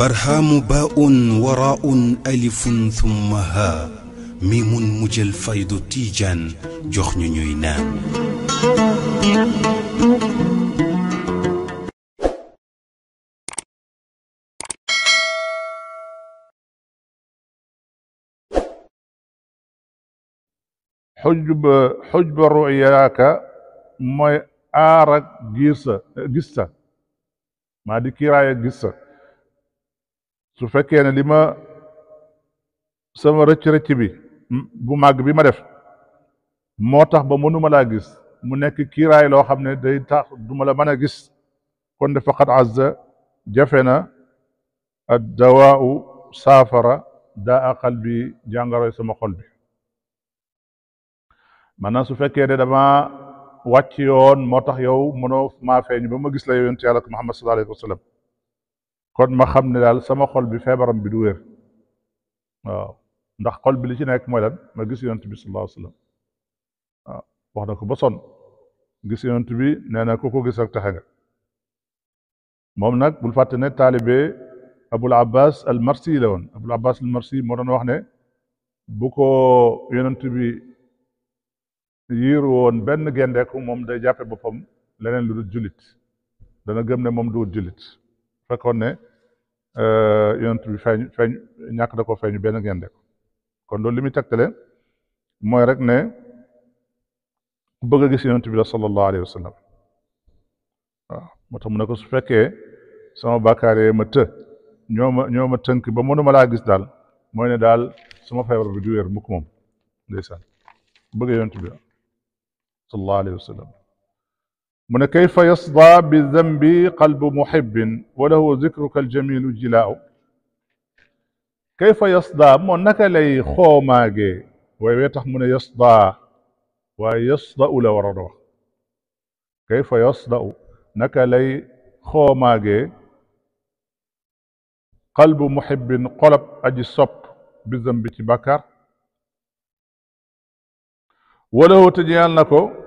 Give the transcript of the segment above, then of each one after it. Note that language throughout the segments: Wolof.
barhaamu baaun waraaun alifun thumma haa mi mun mujjël faydu tiijaan jox ñu ñuy naan xujba xujba ruyaaka mooy aar ak gis sa gis sa maa di kiraaya gis sa su fekkee ne li ma sama rëcc-rëcc bi bu màgg bi ma def moo tax ba mënuma laa gis mu nekk kiiraay loo xam ne day tax duma la mën a gis kon de faqat azza jafe na ad dawaau saafara daa qalbi jàngaroy sama xol bi maanaam su fekkee ne dama wàcc yoon moo tax yow mënoo maa feeñ ba ma gis la yonent yàlla Muhammad sallallahu alayhi wa sallam kon ma xam ne daal sama xol bi feebaram bi du wér waaw ndax xol bi li ci nekk mooy lan ma gis yonent bi sallallahu alayhi wasallam waaw wax na ko ba son gis yonent bi nee na ku ko gis ak taxe nga moom nag bul fàtte ne taalibe abul abbas al marsi la woon abul abbas al marsi moo doon wax ne bu ko yonent bi yiir woon benn gendeeku moom day jàppe boppam leneen lu dul jullit dana gëm ne moom du julit fekkoon ne euh, yonent bi feeñ feeñ ñàkk da ko feeñu benn gaynde kon loolu li muy tegtale mooy rek ne ku gis yonent bi la sallallahu alayhi wa moto waaw mu ne ko su fekkee sama bàkkaar yee ma të ñoo ma ñoo ma tënk ba mënuma laa gis daal mooy ne daal suma feebar bu du wér mukk moom ndeysaan bëgg yonent sallallahu alayhi wa من كيف يصدى بالذنب قلب محب وله ذكرك الجميل جلاء كيف يصدى منك لي خوماجي ويتح من يصدى ويصدى لورده كيف يصدى نك لي خوماجي قلب محب قلب أجي صب بالذنب تبكر ولو تجيال نكو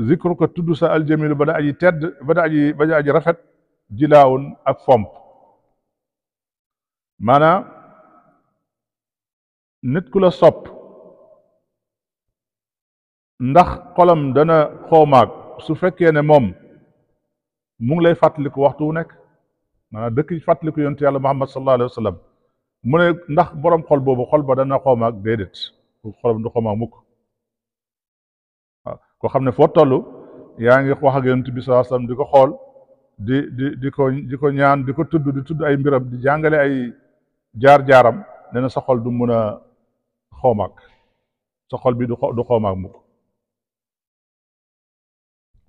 ذكرك تدوس الجميل بدأ يترد بدأ ي بدأ يرفت جلاؤن أفهم مانا نتكل الصب نخ قلم دنا خوماك سوفك يا نمم مون لي فاتلك وقتونك مانا دك فاتلك ينتهي على محمد صلى الله عليه وسلم مون نخ برم قلبه بقلب دنا خوماك ديدت قلب دنا خوماك مك ko xamne fo tollu yaangi yaa wax ak yonent bi sallallahu alayhi wasallam diko xol di di diko ko ñaan diko tuddu di tuddu ay mbiram di jàngale ay jaar-jaaram nee sa xol du mun a sa xol bi du du xoomaak mukk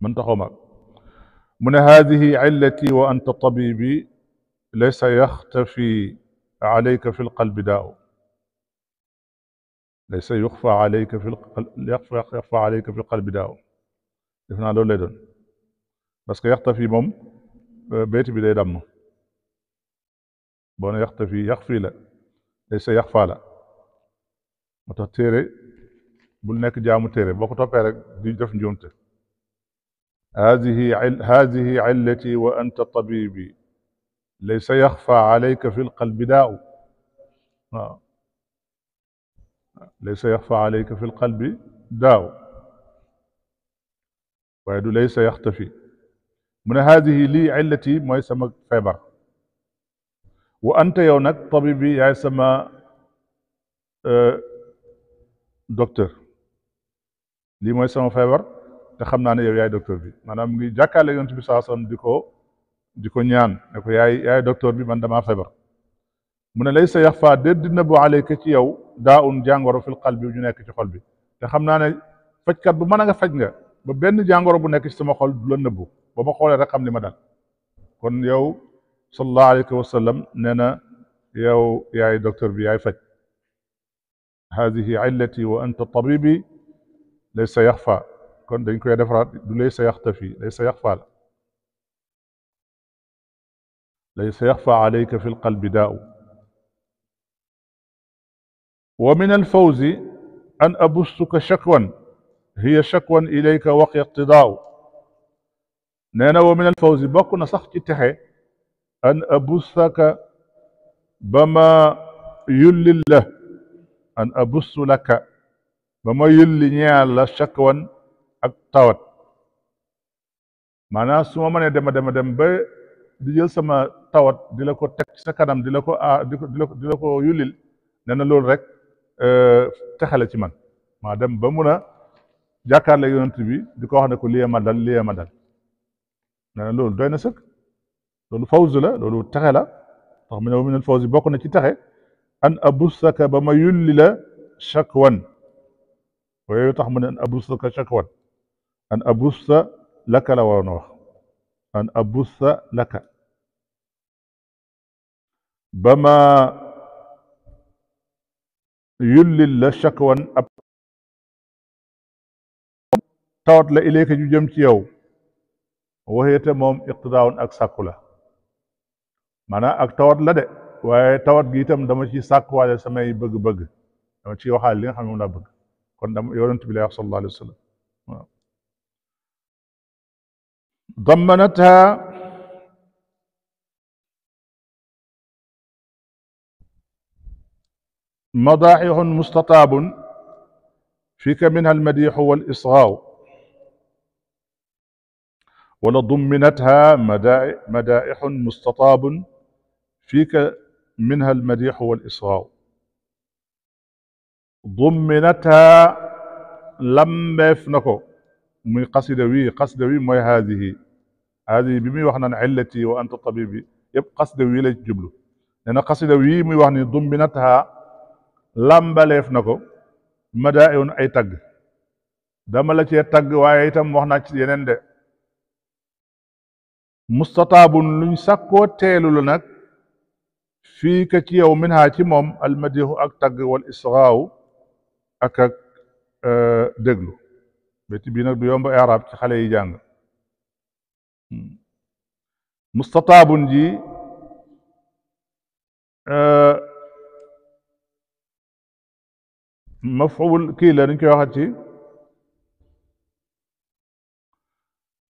mën ta xoomaak mu illati wa anta tabibi laysa yaxtafi alayka fi lqalbi daaw ليس يخفى عليك في القلب يخفى يخفى عليك في القلب داو دفنا لو ليدون بس كي يختفي موم بيت بي داي دام بون يختفي يخفي لا ليس يخفى لا متو تيري بول نيك جامو تيري بوكو توبي رك دي ديف نيونت هذه عل... هذه علتي وانت طبيبي ليس يخفى عليك في القلب داو ليس يخفى عليك في القلب داو ويدو ليس يختفي من هذه لي علتي ما يسمى فيبر وانت يونك طبيبي يا يسمى آه، دكتور لي ما يسمى فيبر تخمنا انا يا دكتور بي انا مجي جاكا لي يونت ديكو ديكو نيان نكو يا يا دكتور بي من دما فيبر من ليس يخفى درد النبو عليك تيو داء جانغورو في القلب وجنك في قلبي تخمنا أنا فكر بمانا فجنا ببين جانغورو بنك استمع قل بلا نبو بما قول رقم لمدان كن يو صلى الله عليه وسلم ننا يو يا دكتور بي يا فج هذه علتي وأنت طبيبي ليس يخفى كن دينكو يا دفرات ليس يختفي ليس يخفى ليس يخفى عليك في القلب داء ومن الفوز أن أبثك شكوى هي شكوى إليك وقي اقتضاء nee na wa min al fawzi bokk na sax ci texe an abussaka ba ma yullil la an abussu laka ba ma yulli ñeel la shakwan ak tawat maanaam su ma mënee dema dema dem ba di jël sama tawat di la ko teg sa kanam di la ko a ah, di la ko di la ko yullil nee na loolu rek Euh, texale ci man maa dem ba mun a jàkkaarloo yonent bi di ko wax ne ko lii ma dal lii ma dal nee na loolu doy na sëkk loolu fawz la loolu texe la tax mu ne wa minal fawzi bokk na ci texe an abusaka ba ma yulli la shakwan yooyu tax mu ne an abusaka shakwan an abusa laka la waroon wax an abusa laka ba ma yullil la shakwan ab tawat la ilayka ju jëm ci yow waxeete moom iqtidaawun ak sàkku la maanaam ak tawat la de waaye tawat gi itam dama ci sàkkuwaale samay bëgg-bëgg dama ci waxaale li nga xam ne moom laa bëgg kon dama yonent bi lay wax sallallahu alayhi wa sallam waaw dammanatha مضائع مستطاب فيك منها المديح والإصغاء ولضمنتها مدائح مستطاب فيك منها المديح والإصغاء ضمنتها لم يفنكو مي قصدوي قصدوي مي هذه هذه بمي وحنا علتي وأنت طبيبي يبقى قصدوي لجبلو لأن قصدوي مي وحنا ضمنتها làmbaleef na ko madaa iwun ay tagg dama la cee tagg waaye itam wax naa ci yeneen de mustataabun luñ sàkkoo teelu la nag fii ka ci yow min haa ci moom almadihu ak tagg wal israaw ak ak e, déglu béti bii nag du yomb arab ci xale yi jàng mustataabun ji e, maful kii la dañ koy waxat ci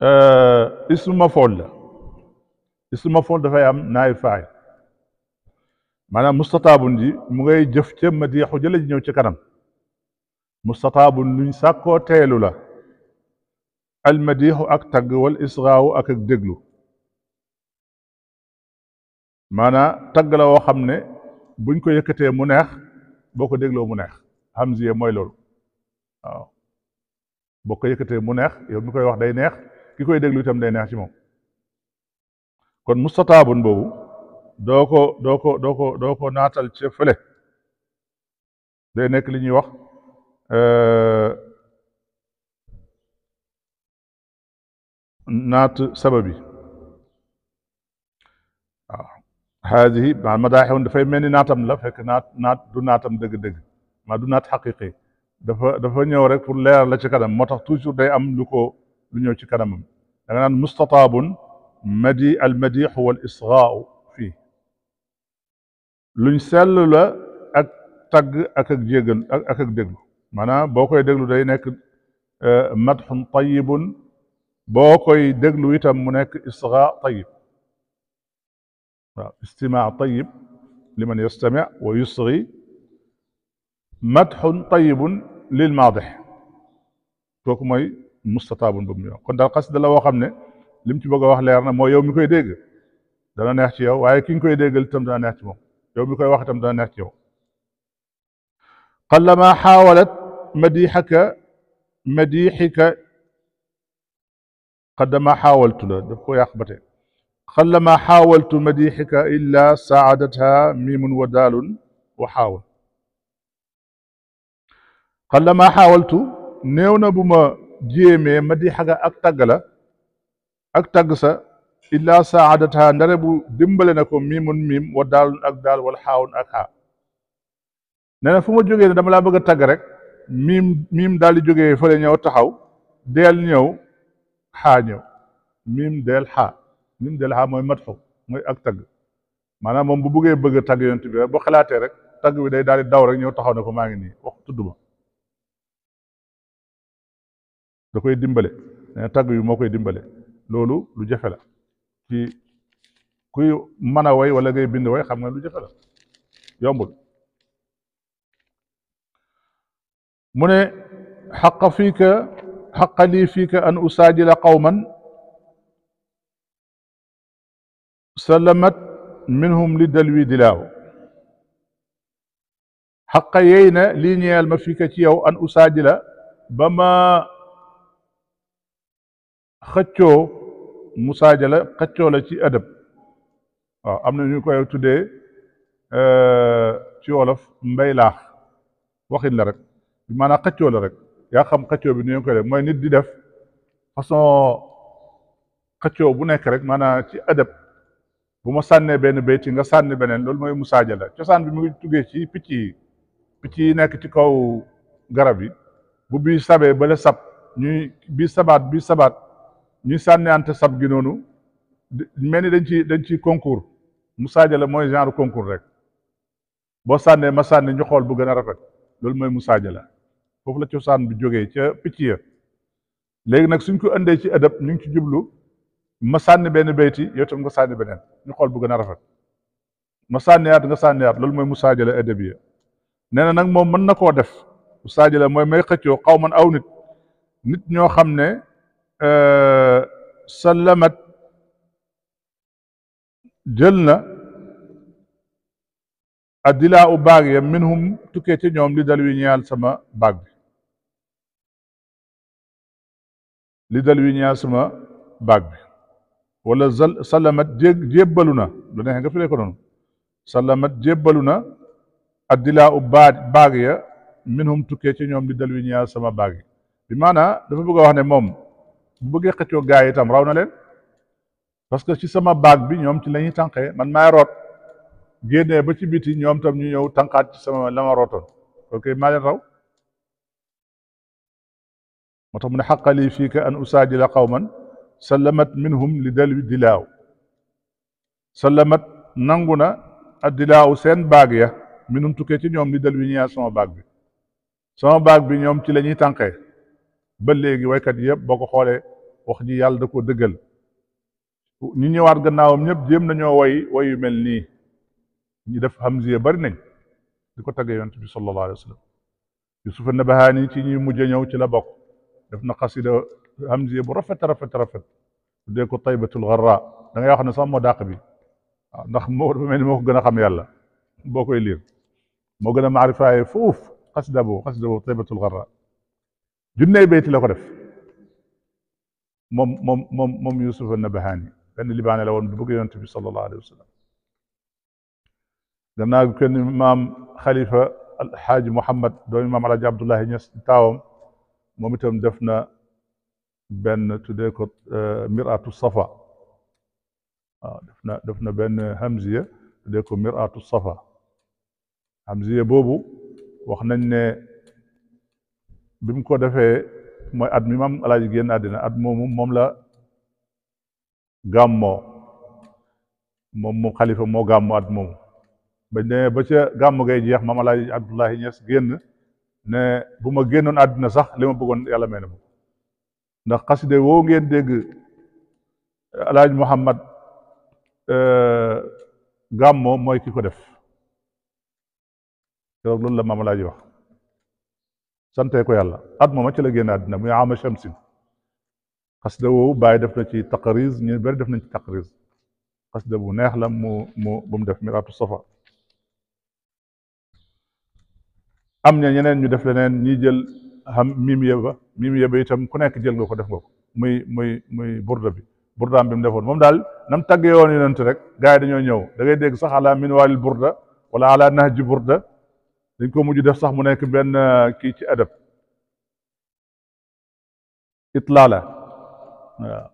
euh, ismu mafool la ismu mafool dafay am naay faay maanaam mustataabun ji mu ngay jëf ca madiixu jële ji ñëw ci kanam mustataabun luñ sàkkoo teelu la al madiixu ak tagg wal israawu ak ak déglu maanaam tagg la woo xam ne buñ ko yëkkatee mu neex boo ko dégloo mu neex hamziya mooy loolu waaw boo ko yëkkatee mu neex yow mi koy wax day neex ki koy déglu itam day neex ci moom kon mustataabun boobu doo ko doo ko doo ko doo ko naatal ci day nekk li ñuy wax euh, naat sababi waaw haadihi ma madaaxewun dafay mel ni naatam la fekk naat naat du naatam dëgg-dëgg maa du naat xaqiqi dafa dafa ñëw rek pour leer la ci kanam moo tax toujours day am lu ko lu ñëw ci kanamam da nga naan mustataabun madi al madixu wal isgaau fii luñ sellu la ak tagg ak ak jégal ak ak ak déglu maanaam boo koy déglu day nekk madxun tayibun boo koy déglu itam mu nekk isgaa tayib waaw istimaa tayib liman yastami wa yusri مدح طيب للماضح كوكو موي مستطاب بمي كون دا قصد لا وخا من لم تي بوغا واخ ليرنا مو يوم كوي ديغ دا لا نيه سي يو واي كين كوي ديغل تام دا نيه سي مو يوم كوي واخ تام دا نيه سي يو قلما حاولت مديحك مديحك قدما حاولت له دكو يخبطي قلما حاولت مديحك الا ساعدتها ميم ودال وحاول xallama xaawaltu néew na bu ma jéemee ma di xaga ak tàgg la ak tagg sa illaa saadata ndare bu dimbale na ko miimun miim wa ak daal wala xaawun ak xaa nee fu ma jógee ne dama laa bëgg a tàgg rek miim miim daal di jógee fële ñëw taxaw deel ñëw xaa ñëw miim deel xaa miim deel xaa mooy matxu mooy ak tàgg maanaam moom bu bëggee bëgg a tàgg yonent rek boo xalaatee rek tàgg bi day daal di daw rek ñëw taxaw ne ko maa ngi nii wax tudd ma dakoy dimbale tag yu mokoy dimbale loolu lu jafe la ci kuy mana way wala ngay bind way xam nga lu jafe la yombul mune haqqa fika haqqa li fika an usajil qawman salamat منهم لدلوي دلاو dilaaw xaqa yey na lii ñeel ma fiika ci mu musaaja la xëccoo la ci adab waaw am na ñu koy tuddee euh, ci wolof mbay laax waxin la rek maanaam xëccoo la rek yaa xam xëccoo bi ni ñu mooy nit di def façon xëccoo bu nekk rek maanaam ci adab bu ma sànnee benn béyti nga sànni beneen loolu mooy mu musaaja la cosaan bi mu ngi tuggee ci picc yi picc yi nekk ci kaw garab yi bu bii sabee bale sab ñuy bii sabaat bii sabaat ñuy sànni ante sab gi noonu mel ni dañ ci dañ ciy concours mu saajale mooy genre concours rek boo sànnee ma sànni ñu xool bu gën a rafet loolu mooy mu saajale foofu la cosaan bi jógee ca picc ya léegi nag suñ ko indee ci ëdëb ñu ngi ci jublu ma sànni benn bayti yow tam nga sànni beneen ñu xool bu gën a rafet ma sànniyaat nga sànniyaat loolu mooy mu saajale ëdëb ya nee na nag moom mën na koo def mu saajale mooy may xëccoo xaw man aw nit nit ñoo xam ne sallamat jël na addilaa u baag ya minhum tukkee ci ñoom li dal wi ñaal sama baag bi li dal wi ñaal sama baag bi wala sallamat jé jébbalu na lu neexe nga firee noonu sallamat jébbalu na addilaa u baag ya minhum tukkee ci ñoom li wi ñaal sama baag bi bi maanaa dafa bëgg wax ne moom bu bëggee xëccoo gaa yi tam raw na leen parce que ci sama baag bi ñoom ci la ñuy man maay root génnee ba ci biti ñoom tam ñu ñëw tànqaat ci sama la ma rootoon ok maa leen raw moo tax mu ne xaqa lii fii ka an usaajila qawman sallamat minhum li dalwi dilaaw sallamat nangu na addilaaw seen baag ya minum tukkee ci ñoom li dalwi ñiyaa sama baag bi sama baag bi ñoom ci la ñuy tànqee ba léegi waykat yëpp boo ko xoolee wax ji yàlla da ko dëggal ñi ñëwaat gannaawam ñëpp jéem nañoo way wayu mel nii ñi def hamziya bari nañ di ko tagge yonent bi sallallahu alayhi wa sallam yusuf nabahaani ci ñuy mujj ñëw ci la bokk def na xasida hamziya bu rafet rafet rafet tuddee ko taybatul garra da ngay wax ne sax moo dàq bi waaw ndax moo dafa mel ni moo ko gën a xam yàlla boo koy liir moo gën a maarifaaye foof xasida boobu xasida boobu taybatul garra junney bayti la ko def مم يوسف النبهاني لأن اللي بعنا لو نبقي النبي صلى الله عليه وسلم لأن كان الإمام خليفة الحاج محمد دوم الإمام على عبد الله ينس تاوم ممتهم دفنا بين تديك آه، مرأة الصفا آه، دفنا دفنا بين همزية تديك مرأة الصفا همزية بوبو وخنا بمكو mooy at mi maam alaaji génn àddina at moomu moom la gàmmoo moom moom xalifa moo gàmmoo at moomu bañ demee ba ca gàmmu gay jeex maam alaaji abdullahi ñes génn ne bu ma génnoon àddina sax li ma bëggoon yàlla may na ma ndax xaside woo ngeen dégg alaaji muhammad euh, gàmmoo mooy ki def def loolu la maam alaaji wax سنتي كو يالا ادما ما تي لا ген ادنا مي عام شمس قصدو باي دفنا شي تقريز ني بر دفنا شي تقريز قصدو نيه لا مو مو بوم دف ميرات الصفا ام ني نينن ني دف لنين ني جيل هم ميم يبا ميم يبا يتام كو نيك جيل نكو دف مي مي مي بوردا بي بوردا بيم ديفون موم دال نام تاغي يوني نانت رك غاي دانيو نيو داغي ديك سخ على ولا على نهج البوردا dañ ko mujj def sax mu nekk benn euh, kii ci adab itlaala waaw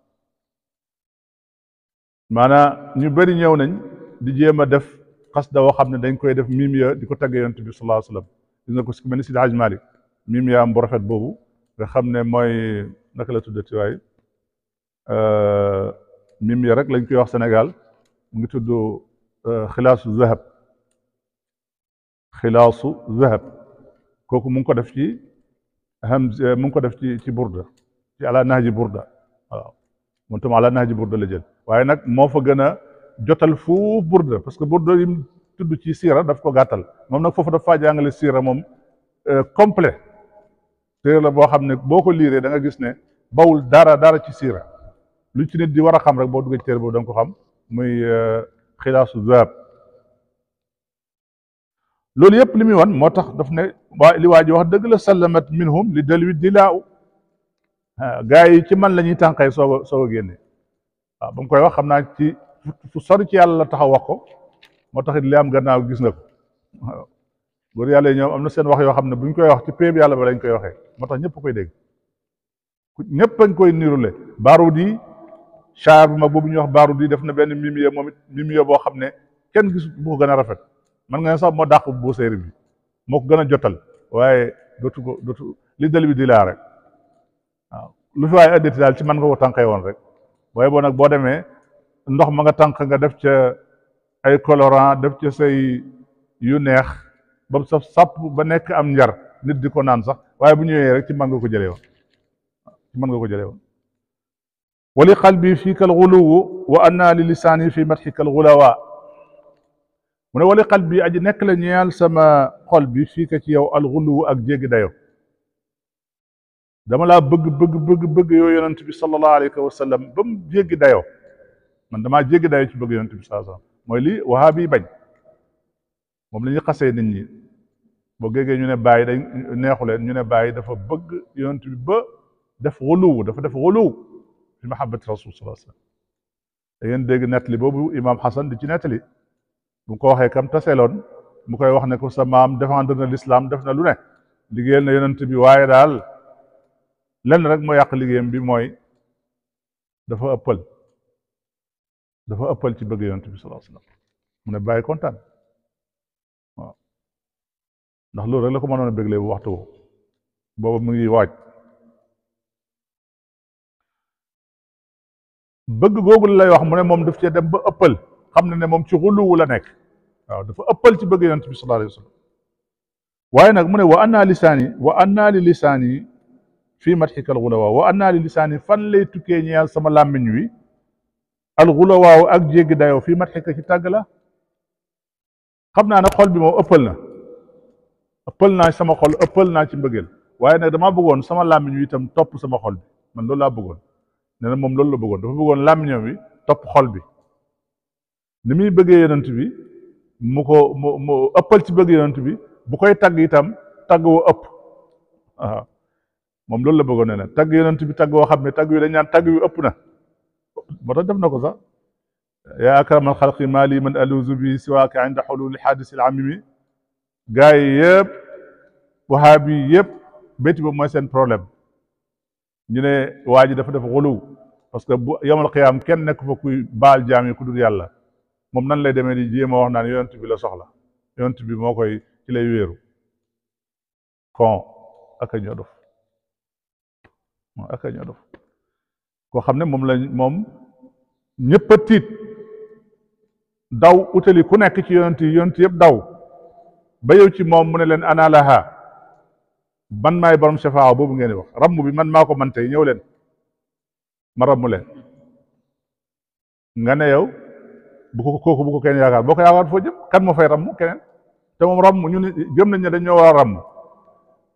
maanaam ñu bëri ñëw nañ di jéem a def xasida woo xam ne dañ koy def mimiya di ko tàggee yonent bi sallallahu alayhi wasallam ko si mel ni Sidi Hadj Malick mimiya am bu rafet boobu nga xam ne mooy naka la tuddati waay euh, mimiya rek lañ koy wax senegal mu ngi tudd euh, xilaasu zahab خلاص ذهب كوكو مونكو داف سي اهم مونكو داف سي سي بوردا على نهج بوردا آه. مونتم على نهج بوردا لا جيل واي نك مو فا غنا جوتال فوف بوردا باسكو بوردا يم تود سي سيرا داف كو غاتال موم نك فوفو داف فا جانغال سيرا موم آه، كومبلي سيرا لا بو خامني بوكو ليري داغا غيس ني باول دارا دارا سي سيرا لو تي نيت دي ورا خام رك بو دوجي تير بو دونكو خام موي آه، خلاص ذهب loolu yëpp li muy wan moo tax daf ne waa li waa ji wax dëgg la sallamat minhum li dalwi dilaa u gaa yi ci man la ñuy tànqee soog a soog a génne waaw ba mu koy wax xam naa ci fu sori ci yàlla la taxaw wax ko moo tax it li am gannaaw gis na ko góor yàlla yi ñoom am na seen wax yoo xam ne bu ñu koy wax ci péeb yàlla ba lañ koy waxee moo tax ñëpp koy dégg ñëpp añ koy nirule Baarudi shaar bu mag boobu ñuy wax Baarudi def na benn mimiye moom it mimiye boo xam ne kenn gisul bu ko gën a rafet man nga ne sax moo dàq bu séeri bi moo ko gën a jotal waaye dootu ko dootu li dël bi di laa rek waaw lu fi waaye additi daal ci man nga ko tànkee woon rek waaye boo nag boo demee ndox ma nga tànk nga def ca ay colorant def ca say yu neex ba mu saf sàpp ba nekk am njar nit di ko naan sax waaye bu ñëwee rek ci man nga ko jëlee woon ci man nga ko jële woon wali qalbi fii kal xuluwu wa anna li lisaani fi madxi kal xulawa من ولي قلبي اجي نك لا نيال سما قلبي فيك تي يو الغلو اك جيغ دايو دما لا بغ بغ بغ بغ يو يونت بي صلى الله عليه وسلم بم جيغ دايو من دما جيغ دايو سي بغ يونت بي صلى الله عليه وسلم موي لي وهابي باج موم لا ني خاسي نيت ني بو غيغي ني باي دا نيهولين ني باي دا فا بغ يونت بي با داف غلو داف داف غلو في محبه الرسول صلى الله عليه وسلم ين ديغ نتلي بوبو امام حسن دي نتلي bu ko waxee kam taseeloon mu koy wax ne ko sa maam défendre na l'islam def na lu ne liggéeyal na yonent bi waaye daal lenn rek moo yàq liggéeyam bi mooy dafa ëppal dafa ëppal ci bëgg yonent bi sallallahu alayhi wasallam mu ne bàyyi ndax loolu rek la ko mënoon a béglee bu waxtu boobu mu ngi waaj bëgg googu lay wax mu ne moom daf cee dem ba ëppal xam na ne moom ci xuluwu la nekk waaw dafa ëppal ci bëgg yonent bi sallallahu alayhi wa sallam waaye nag mu ne wa annaa lisaani wa annaa li lisaani fii madxika alxulawaa wa annaa li lisaani fan lay tukkee ñeel sama làmmiñ wi alxulawaaw ak jéggi dayoo fii madxika ci tàgg la xam naa ne xol bi moom ëppal na ëppal naa sama xol ëppal naa ci mbëggeel waaye nag damaa bëggoon sama làmmiñ wi itam topp sama xol bi man loolu laa bëggoon nee na moom loolu la bëggoon dafa bëggoon làmmiñam wi topp xol bi ni muy bëggee yonent bi mu ko mu ëppal ci bëgg yonent bi bu koy tagg itam tagg woo ëpp waaw loolu la bëggoon ne tagg yonent bi tagg woo xam ne yu dañ naan yu ëpp na moo tax def na sax yaa akramal xalqi maa lii man aluuzu bi siwaaka inda xululi xaadisi al amimi gaa yi yëpp wahaabi yëpp béyti ba mooy problème ñu ne waa dafa def xulu parce que bu yomal xiyaam kenn fa kuy baal jaam ku dul yàlla moom nan lay demee di jéem a wax naan yonent bi la soxla yonent bi moo koy ci lay wéeru kon ak a ñoo dof ak koo xam ne moom la moom ñëpp a daw utali ku nekk ci yonent yi yonent yëpp daw ba yow ci moom mu ne leen ana laha man maay borom shafaa boobu ngeen di wax ramm bi man maa ko man tey ñëw leen ma ramm nga ne yow bu ko kooku bu ko kenn yaakaar boo ko yaakaar jëm kan mo fay ramm keneen te moom ramm ñu ne gëm nañ ne dañ ñoo war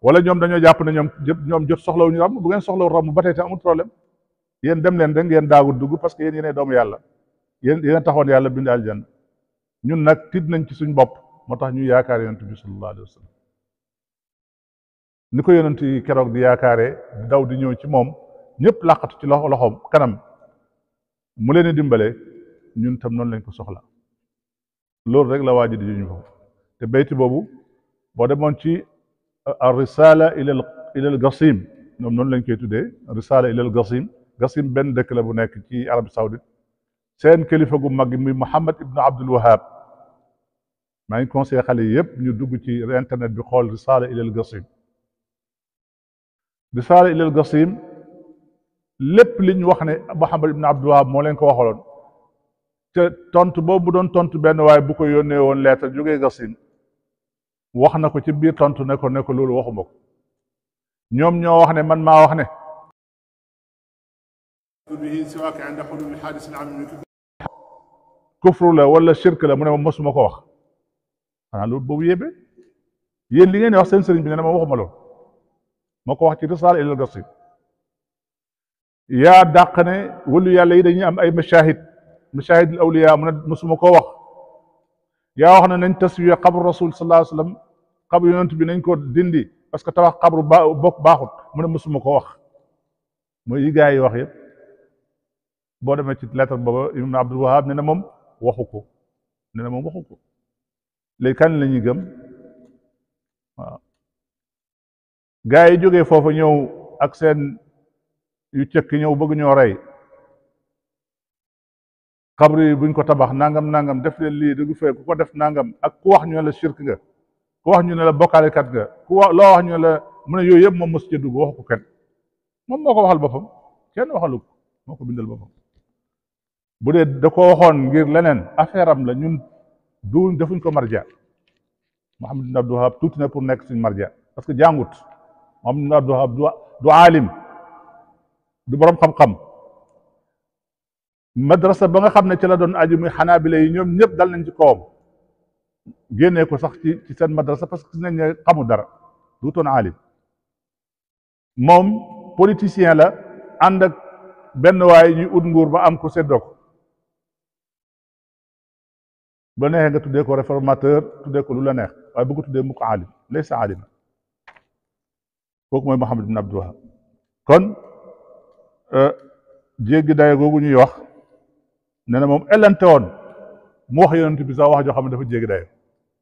wala ñoom dañoo jàpp ne ñoom ñoom jot soxlawuñu ramm bu ngeen soxlawu ramm ba te amul problème yéen dem leen rek yéen daagu dugg parce que yéen yéenay doomu yàlla yéen yéen taxoon yàlla bind aljanna ñun nag tiit nañ ci suñ bopp moo tax ñu yaakaar yonent bi sallallahu alayhi wa sallam ni ko yonent yi di yaakaaree daw di ñëw ci ci kanam mu leen dimbale ñun tam noonu lañ ko soxla loolu rek la waaji di juñ foofu te bayti boobu boo demoon ci ar risala ila ila al gasim ñoom noonu lañ koy tuddee risala ila al gasim gasim benn dëkk la bu nekk ci arab saoudite seen kilifa gu mag muy Muhammad ibnu Abdul Wahab maa ngi conseillé xale yëpp ñu dugg ci internet bi xool risala ila al gasim risala ila al gasim lépp liñ wax ne Muhammad ibnu Abdul Wahab moo leen ko waxaloon te tontu boobu doon tontu benn waaye bu ko yónnee woon leetar jógee Gasin wax na ko ci biir tontu ne ko ne ko loolu waxuma ko ñoom ñoo wax ne man maa wax ne kufru la wala shirk la mu ne ma ko wax xanaa lool boobu yébe yéen li ngeen wax seen sëriñ bi ne ma waxuma ma ko wax ci risaala ilal Gasin yaa dàq ne wëlu yàlla yi dañuy am ay mashahid مشاهد الاولياء من مسمكو واخ يا واخنا نن تسويه قبر الرسول صلى الله عليه وسلم قبر يونت بي ننكو ديندي باسكو تواخ قبر بوك باخوت من مسمكو واخ موي لي غاي واخ ييب بو دمي تي لتر بابا ابن عبد الوهاب نينا موم واخوكو نينا موم واخوكو لي كان لا ني گم وا آه. غاي جوغي فوفو نيو اك سين يو تيك نيو بوغ نيو راي xabri yi buñ ko tabax nangam nangam def leen lii dëgg fe ku ko def nangam ak ku wax ñu ne la shirk nga ku wax ñu ne la bokkaalekat nga ku wax loo wax la mu ne yooyu yëpp moom mos ca dugg waxu ko kenn moom moo ko waxal boppam kenn waxalu moo ko bindal boppam bu dee da ko waxoon ngir leneen affaire am la ñun du defuñ ko marja Muhammad ibn Abdul Wahab tuuti na pour nekk suñ marja parce que jàngut Muhammad ibn Abdul Wahab du du du borom xam madrasa ba nga xam ne ci la doon aju muy xanaabila yi ñoom ñëpp dal nañ ci kawam génnee ko sax ci ci seen madrasa parce que gis nañ ne xamu dara duutoon aalim moom politicien la ànd benn waay ñuy ut nguur ba am ko seddoo ba neexee nga tuddee ko réformateur tuddee ko lu la neex waaye bëgg tuddee mukk aalim laysa aalima kooku mooy Muhammad bin Abdul kon euh, jéggi daye googu ñuy wax nena mom elante won mo wax yonent bi sa wax jo xamne dafa jegi dayo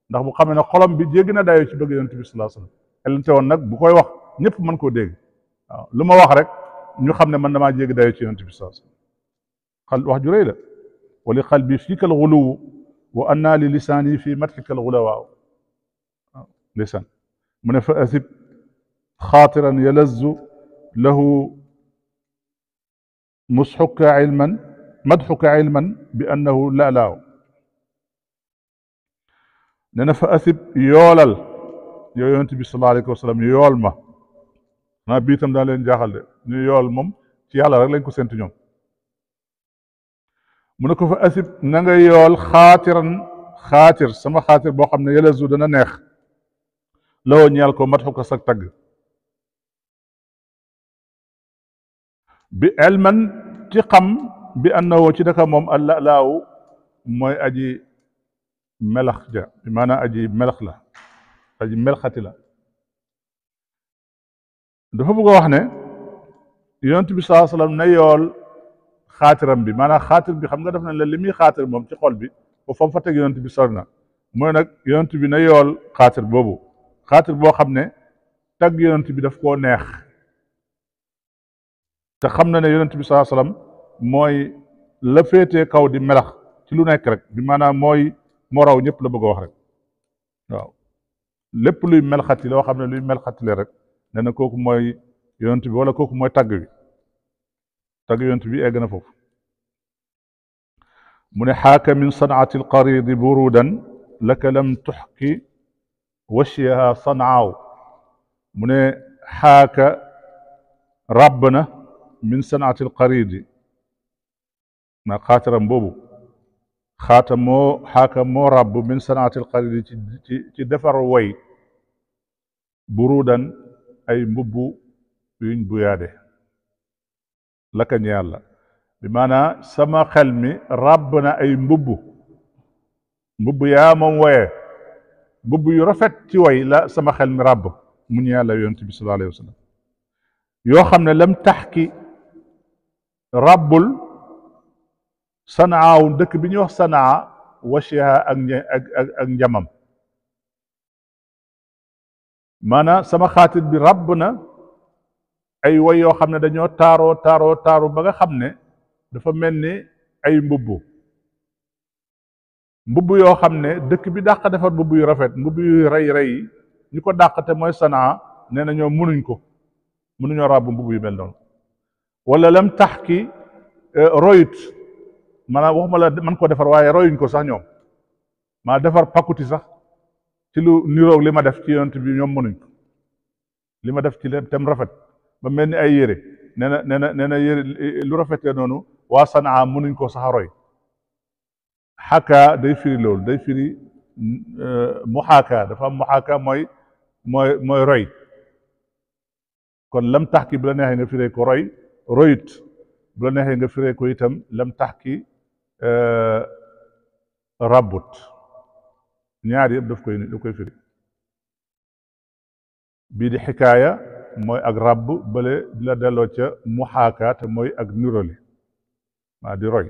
ndax bu xamne xolam bi jegi na dayo ci beug yonent bi sallallahu alayhi wasallam elante won nak bu koy wax ñëpp mën koo dégg waaw wax rek ñu xam man damaa jéggi dayo ci yonent bi sallallahu alayhi wasallam xal wax ju rëy la wali xal bi fii kal wa anna li lisaani fii matxi kal xulawaaw waaw lisaan fa asib xaatiran yalazu lahu musxuka ilman madxuka ilman bi annahu laa laaw ne na fa asib yoolal yow yonent bi sallallahu alayhi wa sallam yool ma naa bii itam daa leen jaaxal de ñu yool moom ci yàlla rek lañ ko séntu ñoom mu ne ko fa asib na nga yool xaatiran xaatir sama xaatir boo xam ne yàlla zu dana neex lawoo ñeel ko madxuka sag tagg bi ilman ci xam bi annahu ci naka moom alla laaw mooy aji melax ja maanaam aji melax la aji melxati la dafa bëgg a wax ne yonent bi salaa salaam na yool xaatiram bi maanaam xaatir bi xam nga def nañ la li muy xaatir moom ci xol bi ba fa mu fa teg yonent bi sori na mooy nag yonent bi na yool xaatir boobu xaatir boo xam ne tagg yonent bi daf koo neex te xam na ne yonent bi salaa salaam moy le fete kaw di melax ci lu nek rek bi manam moy moraw ñep la bëgg wax rek waaw lépp luy melxati lo xamne luy melxati le rek nee na kooku mooy yonent bi wala koku moy tag bi tag yonent bi egg na foofu mu ne xaaka min sanaati alqaridi burudan laka lam tuxki washiyaha sanaaw mu ne xaaka ràbb na ما خاطر بوبو خاتم مو حاكم مو رب من صناعة القليل تدفر وي برودا أي مبو بين بياده لكن يا الله بمعنى سما خلمي ربنا أي مبو مبو يا من وي مبو يرفت توي لا سما خلمي رب من يا الله ينتي صلى الله عليه وسلم يوخمنا لم تحكي رب sanaawun dëkk bi ñuy wax sanaa wasiha ak ak ak njamam maanaam sama xaatit bi ràbb na ay woy yoo xam ne dañoo taaroo taaroo taaru ba nga xam ne dafa mel ni ay mbubb mbubb yoo xam ne dëkk bi daq defar mbubb yu rafet mbubb yu rey rey ñu ko dàq te mooy sanaa nee na ñoo munuñ ko munuñoo ràbb mbubb yu mel noonu wala lam tax ki eh, royut maanaam waxuma la man koo defar waaye royuñ ko sax ñoom maa defar pakuti sax ci lu niroog li ma def ci yonent bi ñoom mënuñ li ma def ci leen tem rafet ba mel ni ay yére nee na nee nee na yére lu rafetee noonu waa Sanaa mënuñ koo sax roy xaka day firi loolu day firi euh, muxaaka dafa am muxaaka mooy mooy mooy roy kon lam tax ki bu la nga firee ko roy royit bu la neexee nga firee ko itam lam tax Euh, rabut ñaar yëpp daf koy daf koy firi bii di xikaaya mooy ak rabb bale di la delloo ca muxaaka te mooy ak nirole waa di roy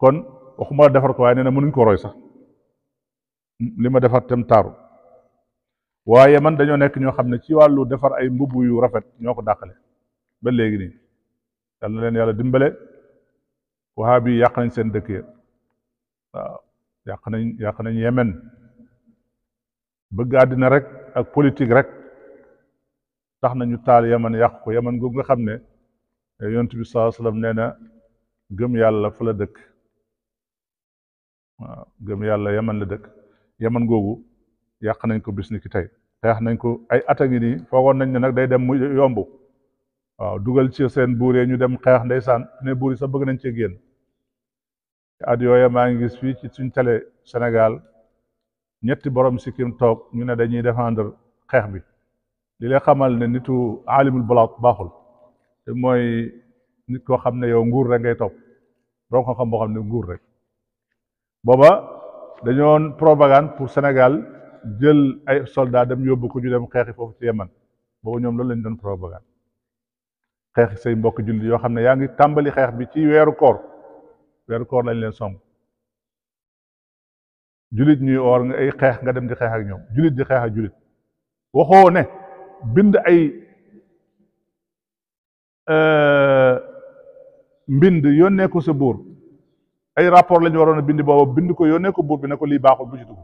kon waxuma defar ko waaye nee na mënuñ ko roy sax lima ma defar tem taaru waaye man dañoo nekk ñoo xam ne ci wàllu defar ay mbubb yu rafet ñoo ko dàqale ba léegi nii yal leen yàlla dimbale wahabi yi yàq nañ seen dëkk ya waaw nañ yàq nañ yemen bëgg àddina rek ak politique rek tax nañu taal yemen yàq ko yemen googu nga xam ne yonent bi sallallahu alayhi wasallam nee na gëm yàlla fa la dëkk waaw gëm yàlla yemen la dëkk yemen googu yàq nañ ko bis ni ki tey xeex nañ ko ay at a ngi nañ ne nag day dem mu yomb waaw dugal ci seen buur yi ñu dem xeex ndeysaan ne buur yi sax bëgg nañ cee génn at yooya maa ngi gis fii ci suñ télé Sénégal ñetti borom sikkim toog ñu ne dañuy défendre xeex bi li lay xamal ne nitu aalimul balaat baaxul te mooy nit koo xam ne yow nguur rek ngay topp borom xam boo xam ne nguur rek booba dañoon propagande pour Sénégal jël ay soldats dem yóbbu ko ñu dem xeexi foofu ci Yemen booba ñoom loolu lañ doon propagande xex say mbokk julli yo xamne yaangi tàmbali xex bi ci wéru koor wéru koor lañ leen som julit ñuy oor nga ay xex nga dem di xex ak ñoom julit di xex ak julit waxo ne bind ay euh mbind yónnee ko sa buur ay rapport lañ warona bind bobu bind ko yónnee ko buur bi ne ko li baxul bu ci dugg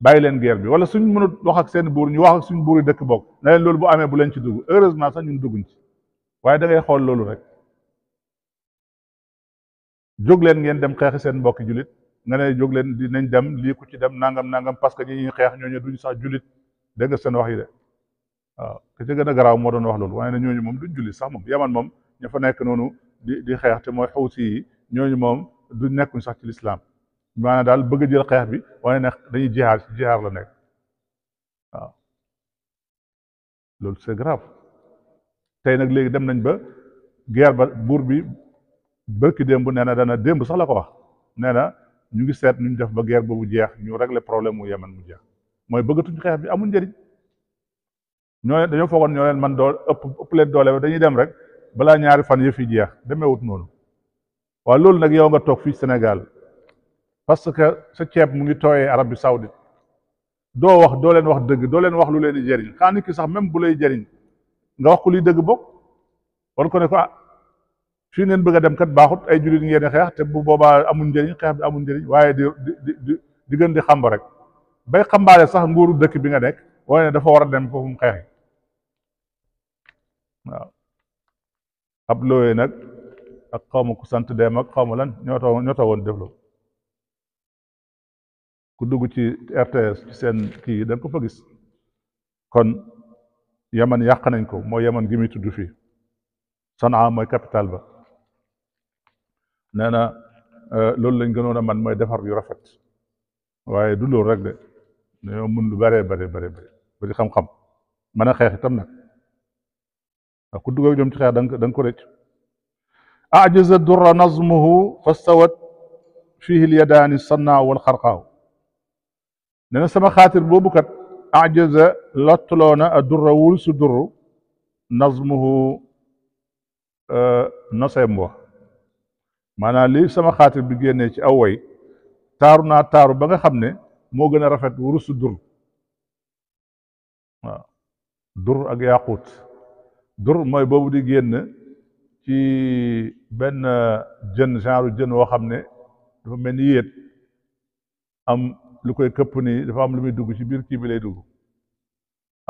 bàyyi leen guerre bi wala suñu mënut wax ak seen buur ñu wax ak suñu buur yi dëkk bok na leen loolu bu amé bu leen ci dugg heureusement sax ñun dugguñ ci waaye da xool loolu rek jóg leen ngeen dem xeexi seen mbokki jullit nga ne jóg leen dinañ dem lii ku ci dem nangam nangam parce que ñi ñuy xeex ñooñu ñu sax jullit dégg nga seen wax yi de waaw te ci gën moo doon wax loolu waaye ne ñooñu moom du jullit sax moom yaman moom ña fa nekk noonu di di xeex te mooy xawsi yi ñooñu moom du nekkuñ sax ci lislaam maanaam daal bëgg a jël xeex bi waaye ne dañuy jihaar ci jihaar la nekk waaw loolu c'est grave tey nag léegi dem nañ ba guerre ba buur bi bëkki démb nee na dana démb sax la ko wax nee na ñu ngi seet nu ñu def ba guerre bu jeex ñu régler problème mu yeman mu jeex mooy bëggatuñ xeex bi amul njëriñ ñoo dañoo foogoon ñoo leen man dool ëpp ëpp leen doole dañuy dem rek balaa ñaari fan yëf yi jeex demeewut noonu waaw loolu nag yow nga toog fii senegal parce que sa ceeb mu ngi tooyee Arabie Saoudite doo wax doo leen wax dëgg doo leen wax lu leen di jëriñ xaa ki sax même bu lay jëriñ nga wax ko li deug bok war ko ne ko ah, fi ngeen bëgg dem kat baxut ay julit ngeen xex te bu boba amul njëriñ xex bi amul njëriñ waye di di di gën di xamba rek bay xambaale sax nguuru dëkk bi nga nek wone dafa wara dem fofu mu xeexi waaw ab looy nak ak xaw ma ku sant dem ak xaw lan ñoto ñoto won deflo ku dugg ci RTS ci sen ki da nga ko fa gis kon yaman yàq nañ ko mooy yaman gi muy tudd fii sanaa mooy capital ba nee na loolu lañ gënoon a man mooy defar yu rafet waaye du loolu rek de dañoo mun lu bare bare bare bare bari xam-xam mën a xeex itam nag ku dugg ak ñoom ci xeex da nga ko rëcc ajaza durra nazmuhu fastawat fihi lyadaani sannaa wal xarqaaw nee na sama xaatir boobu kat ajaza lottaloona a durra wul su durru nazmuhu e, nosem wa maanaam li sama xaatir bi génnee ci aw taaru naa taaru ba nga xam ne moo gën a rafet wurus su dur waaw dur ak yaaquut dur mooy boobu di génn ci benn jën genre jën woo xam ne dafa mel ni yéet am lu koy këpp nii dafa am lu muy dugg ci biir kii bi lay dugg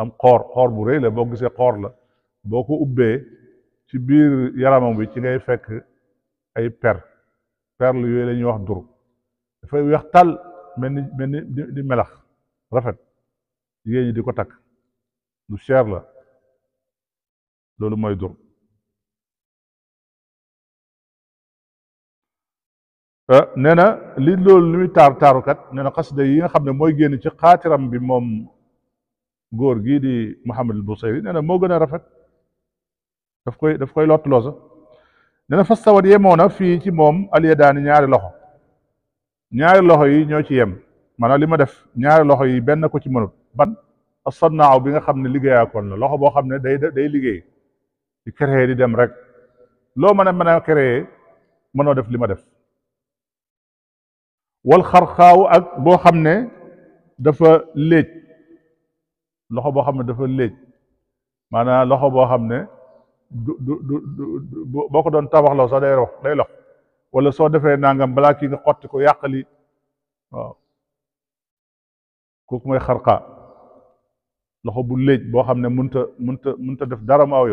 am xoor xoor bu rëy la boo gisee xoor la boo ko ubbee ci biir yaramam bi ci ngay fekk ay per perle yooyu la ñuy wax dur dafay weex tàll mel ni melax rafet jigéen ñi di ko takk lu cher la loolu mooy dur Euh, nee na li lool li muy taaru taarukat nee na xasida yi nga xam ne mooy génn ci xaatiram bi moom góor gii di Muhammad al Busayri nee moo gën a rafet daf koy daf koy lottuloo sax nee na fas tawat yemoo na fii ci moom alyadaani ñaari loxo ñaari loxo yi ñoo ci yem maanaam li ma def ñaari loxo yi benn ko ci mënut ban sannaaw bi nga xam ne liggéeyaakoon la loxo boo xam ne day day liggéey di créer di dem rek loo mën a mën a créer mënoo def li ma def wal xarxaawu ak boo xam ne dafa léej loxo boo xam ne dafa léeg maanaam loxo boo xam ne du boo ko doon tabax la sax day rox day lox wala soo defee nangam balaa kii nga xotti ko yàqali waaw kooku mooy xarxaa loxo bu léej boo xam ne mënut a mënut a mënut def dara mu aw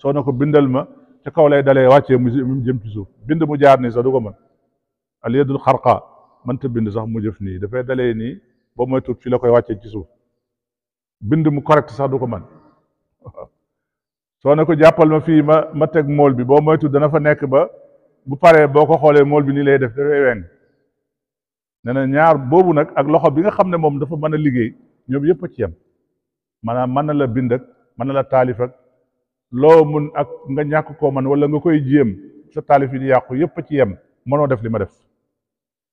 soo ne ko bindal ma ca kaw lay dalee wàccee mu jëm ci bind mu jaar nii sax du ko mën al yadul xarxaa mënta bind sax mu jëf nii dafay dalee nii ba mooy tut fi la koy wàccee ci suuf bind mu correct sax du ko man soo ne ko jàppal ma fii ma ma teg mool bi boo moytu dana fa nekk ba bu paree boo ko xoolee mool bi ni lay def dafay weng ne na ñaar boobu nag ak loxo bi nga xam ne moom dafa mën a liggéey ñoom yëpp ci yam maanaam mën na la bind ak mën na la taalif ak loo mun ak nga ñàkk koo man wala nga koy jéem sa taalif yi di yàqu yëpp ci yam mënoo def li ma def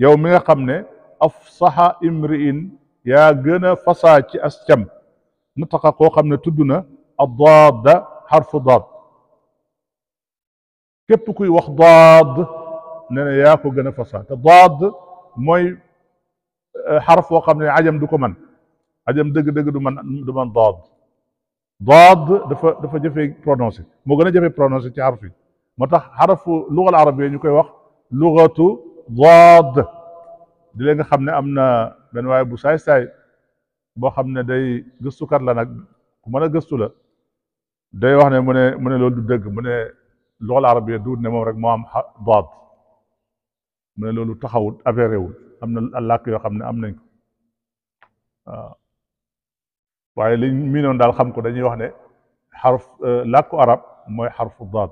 yow mi nga xam ne af saxa imri'in yaa gën a fasaa ci as cam nataqa koo xam ne tudd na ad daadda xarfu daad képp kuy wax daad ne na yaa ko gën a fasaa te daad mooy xarf woo xam ne ajam du ko man ajam dëgg-dëgg du man du man daad daad dafa dafa jafee prononcé moo gën a jafee prononcé ci xarf yi moo tax xarfu lugal arabiyya ñu koy wax lugatu vodd di leen xam ne am na benn waaye bu saay-saay boo xam ne day gëstukat la nag ku mën a gëstu la day wax ne mu ne mu ne loolu du dëgg mu ne loxol arabiya duut ne moom rek moo am dood mu ne loolu taxawul avéré am na làkk yoo xam ne am nañ waaye liñ miinoon daal xam ko dañuy wax ne xarf euh, làkku arab mooy xarfu dood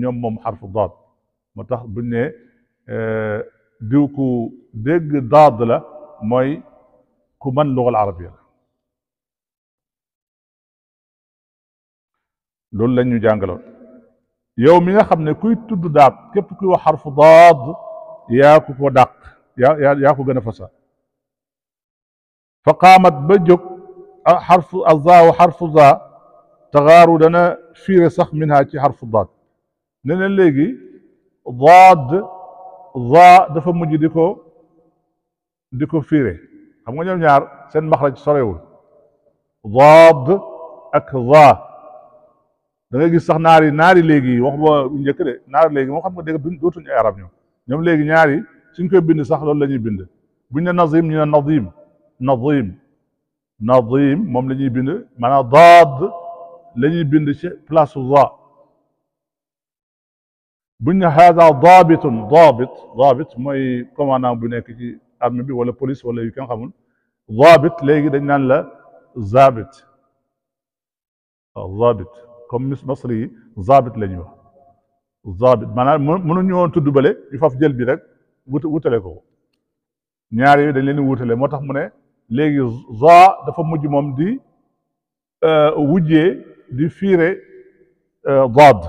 ñoom moom xarfu dood moo tax buñ ne ديوكو دق ضادله مي كمان اللغه العربيه لول لانيو جانغالون يو مي خا خني كوي تود داب كيب كوي حرف ضاد ياكو كو داك ياكو غنا فقامت بجك حرف الظا وحرف ظا تغاردنا في رسخ منها تي حرف الضاد نين ليغي ضاد za dafa mujj di ko di ko fiire xam nga ñoom ñaar seen maxraj sorewul zaad ak za da ngay gis sax naari naari léegi wax ba njëkk de naari léegi moo xam nga dégg dootuñu ay arab ñoom ñoom léegi ñaari suñ koy bind sax lool la ñuy bind buñ ne nazim ñu ne nazim nazim nazim moom la ñuy bind maanaam daad la ñuy bind ci buñ ne haada daabitun daabit daabit mooy commandant bu nekk ci armée bi wala police wala yu kenn xamul daabit léegi dañ naan la zaabit waaw zaabit comme mis masri yi la ñuy wax zaabit maanaam mënuñu woon tudd bale ñu jël bi rek wut wutale ko ñaar dañ leen wutale moo tax mu ne léegi zaa dafa mujj moom di euh, wujjee di fiire euh, daad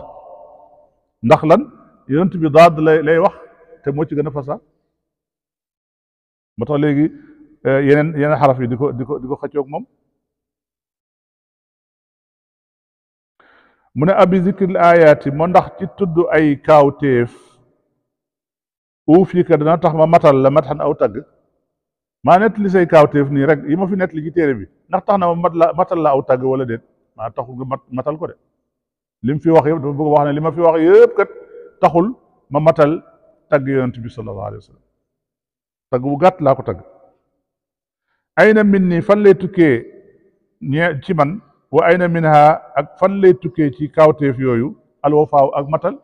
ndax yonent bi daad lay lay wax te moo ci gën a fasaa moo tax léegi yeneen yeneen xaraf yi di ko di ko di ko xëccoog moom mu ne abi zikril ayaati moo ndax ci tudd ay kaawteef uuf yi ka dana tax ma matal la mat xan aw tagg maa nettali say kaawteef nii rek yi ma fi nettali ci téere bi ndax tax na ma mat la matal la aw tagg wala déet maa taxul nga mat matal ko de lim fi wax yëpp dafa bëgg wax ne li ma fi wax yëpp kat taxul ma matal tagg yonent bi sallallahu alayhi wa sallam tagg bu gàtt laa ko tagg ayna min nii fan lay tukke ci man wa ayna min ak fan lay tukkee ci kaawteef yooyu alwafaaw ak matal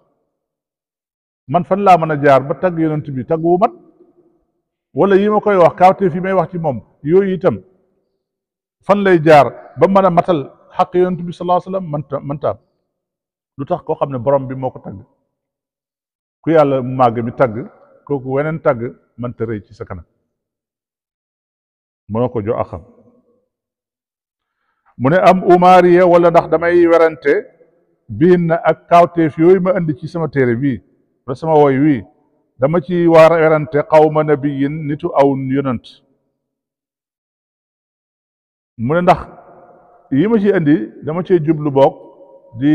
man fan laa mën a jaar ba tagg yonent bi tagg bu mat wala yi ma koy wax kaawteef yi may wax ci moom yooyu itam fan lay jaar ba mën a matal xaq yonent bi sallallahu alayhi wa sallam mënta mëntaam lu tax koo xam ne borom bi moo ko tagg ku yàlla màgg mi tagg kooku weneen tagg mënta rëy ci sakana kanam ko jox mu ne am umaariya wala ndax damay werante biin na ak kawteef yooyu ma indi ci sama téere bii wala sama woy wii dama ci waar werante xawma nabiyin nitu aw yonant mu ne ndax yi ma ci indi dama cee jublu bokk di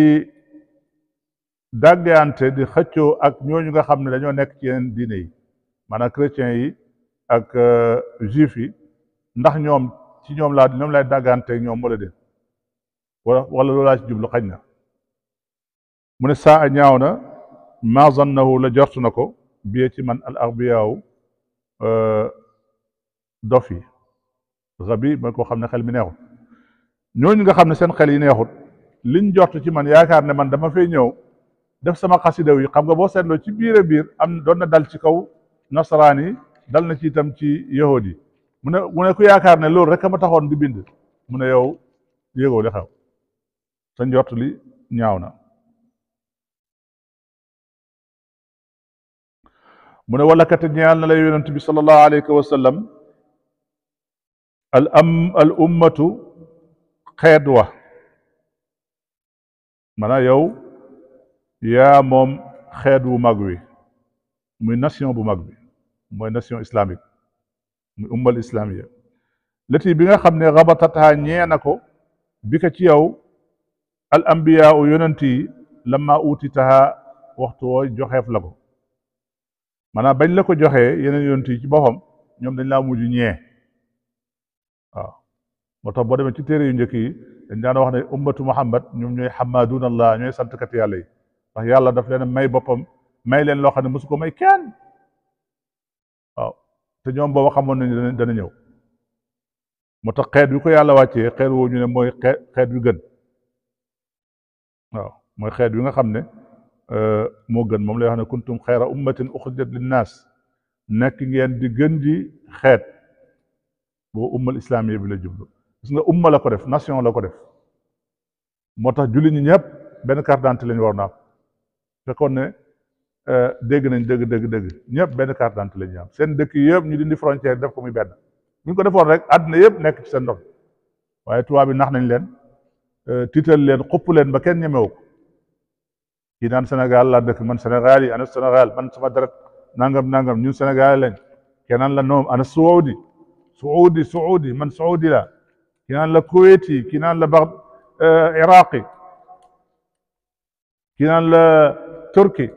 dàggeante di xëccoo ak ñooñu nga xam ne dañoo nekk ci yeneen diine yi maanaam chrétiens yi ak euh, juif yi ndax ñoom ci ñoom laa ñoom lay dàgganteeg ñoom wala de wala wala loolaa ci jublu xañ na mu ne saa a ñaaw na ma zannahu la jortu ko biyee ci man al arbiyaaw euh, dof yi rabi mooy koo xam ne xel mi neexut ñooñu nga xam ne seen xel yi neexut liñ jortu ci man yaakaar ne man dama fay ñëw def sama xasida yi xam nga boo seetloo ci biir biir am don na dal ci kaw nasaraan yi dal na ci itam ci yahud yi mu ne mu ku yaakaar ne loolu rek a ma taxoon di bind mu ne yow yégoo li xew sa njort ñaaw na mu ne wala kat ñaal na la yonent bi sallallahu alayhi wa al ummatu xeet wa maanaam yow yaa moom xeet wu mag wi muy nation bu mag bi mooy nation islamique muy ummal islamia lati bi nga xam ne rabatata ñee na ko bi ko ci yow al ambiya u yonent yi lamma uutitaha waxtu woo joxeef la ko maanaam bañ la ko joxee yeneen yonent yi ci boppam ñoom dañ laa mujj ñee waaw moo tax boo demee ci téere yu njëkk yi dañ daan wax ne ummatu muhammad ñoom ñooy xamaaduun allah ñooy santkati yàlla yi ndax yàlla daf leen may boppam may leen loo xam ne mosu ko may kenn waaw te ñoom booba xamoon nañu dana ñëw moo tax xeet wi ko yàlla wàccee xeet woo ñu ne mooy xeet bi gën waaw mooy xeet bi nga xam ne moo gën moom lay wax ne kuntum xayra ummatin uxrijat linnaas nekk ngeen di gën di xeet boo ummal islaamiya bi la jublu gis nga umma la ko def nation la ko def moo tax julli ñi ñëpp benn carte d'identité lañ ñu war na te kon ne dégg nañ dëgg dëgg dëgg ñëpp benn carte d'identité la ñu am seen dëkk yëpp ñu dindi frontière def ko muy benn ñu ko defoon rek àdduna yëpp nekk ci seen ndox waaye tubaab bi nax nañ leen tiital leen xupp leen ba kenn ñemewu ko kii naan Sénégal laa dëkk man Sénégal yi ana Sénégal man sama deret nangam nangam ñun Sénégal lañ kenaan la noom ana Saoudi Saoudi Saoudi man Saoudi la kii naan la Kuwaiti kii naan la Bagh Iraqi kii naan la turki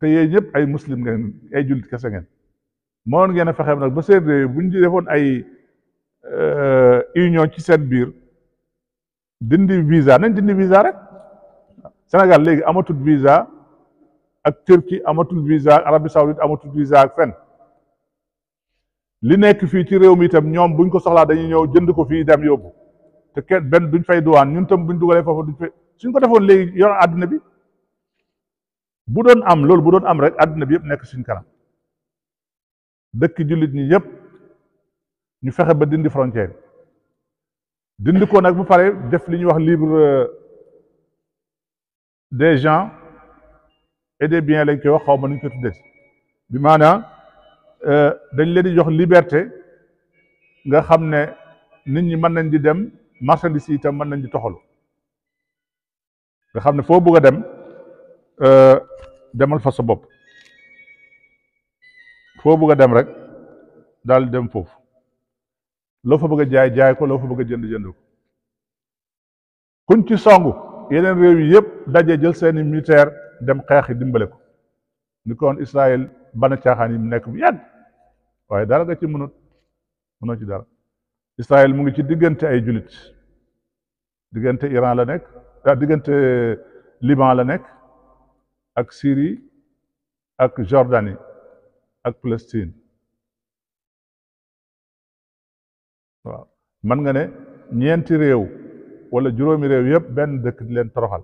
te yooyu ñëpp ay muslim ngeen ay jullit kese ngeen moon ngeen a fexe nag ba seen réew bu ñu defoon ay euh, union ci seen biir dindi visa nañ dindi visa rek Sénégal léegi amatul visa ak Turquie amatul visa ak Arabie Saoudite amatul visa ak fen li nekk fii ci réew mi itam ñoom buñ ko soxlaa dañuy ñëw jënd ko fii dem yóbbu te kenn benn duñ fay duwaan ñun tam buñ dugalee foofu duñ fay suñ ko defoon léegi yor àdduna bi budon am loolu budon am rek aduna bi yep nek suñu kanam dëkk julit ñi yep ñu fexe ba dindi frontière dindi ko nak bu pare def li ñuy wax libre des gens et des biens lañ koy wax xawma ñu nuñ ko tuddee bi euh dañ leen di jox liberté nga xamné nit ñi mën nañ di dem marchandise yi tam mën nañ di toxal nga xamné fo foo bëgg a dem demal fa sa bopp foo bëgg a dem rek daal dem foofu loo fa bëgg a jaay jaay ko loo fa bëgg a jënd jënd ko kuñ ci songu yeneen réew yi yëpp daje jël seeni militaire dem xeexi dimbale ko ni ko woon Israël bana caaxaan yi mu nekk bu yàgg waaye dara nga ci mënut mënoo ci dara Israël mu ngi ci diggante ay julit diggante Iran la nekk ah, diggante eh, Liban la nekk اك Syrie اك Jordanie اك Palestine waaw mën nga ne ñeenti réew wala juróomi réew yëpp benn dëkk di leen toroxal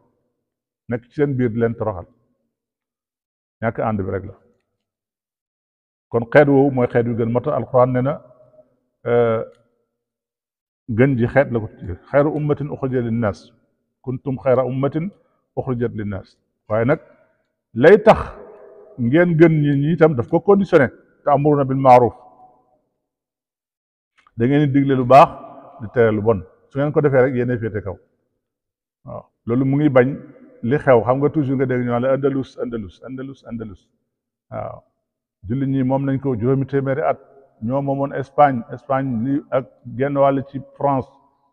nekk ci seen biir di leen toroxal ñàkk ànd bi rek la kon xeet woowu mooy xeet wi gën moo alquran ne na gën ji xeet la ko tudde xayru ummatin uxrijat linnaas kuntum xayra ummatin uxrijat nas waaye nag lay tax ngeen gën ñi ñi itam daf ko conditionné te amuruna bil maaruf da ngeen digle lu baax di tere lu bon su ngeen ko defee rek yéen féete kaw waaw loolu mu ngi bañ li xew xam nga toujours nga dégg ñu naan la andalus andalus andalus andalus waaw jullit ñi moom nañ ko juróomi téeméeri at ñoo moomoon Espagne Espagne li ak genn wàll ci France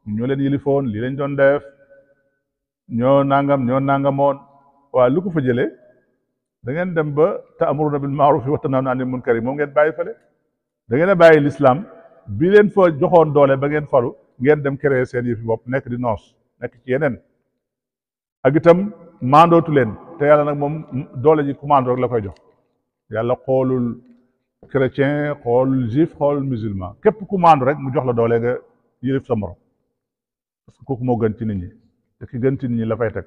ñoo leen yilifoon lii lañ doon def ñoo nangam ñoo nangamoon waa lu ko fa jëlee da ngeen dem ba ta'muruna bil ma'ruf wa tanhawna 'anil munkar moom ngeen bàyyi fële da ngeen a bàyyi lislaam bii leen fa joxoon doole ba ngeen falu ngeen dem créer seen yëfi bopp nekk di noos nekk ci yeneen ak itam maandootu leen te yàlla nag moom doole ji ku rek la koy jox yàlla xoolul chrétien xoolul juif xoolul musulman képp ku rek mu jox la doole nga yëlif sa morom parce que kooku moo gën ci nit ñi te ki gën ci nit ñi la fay teg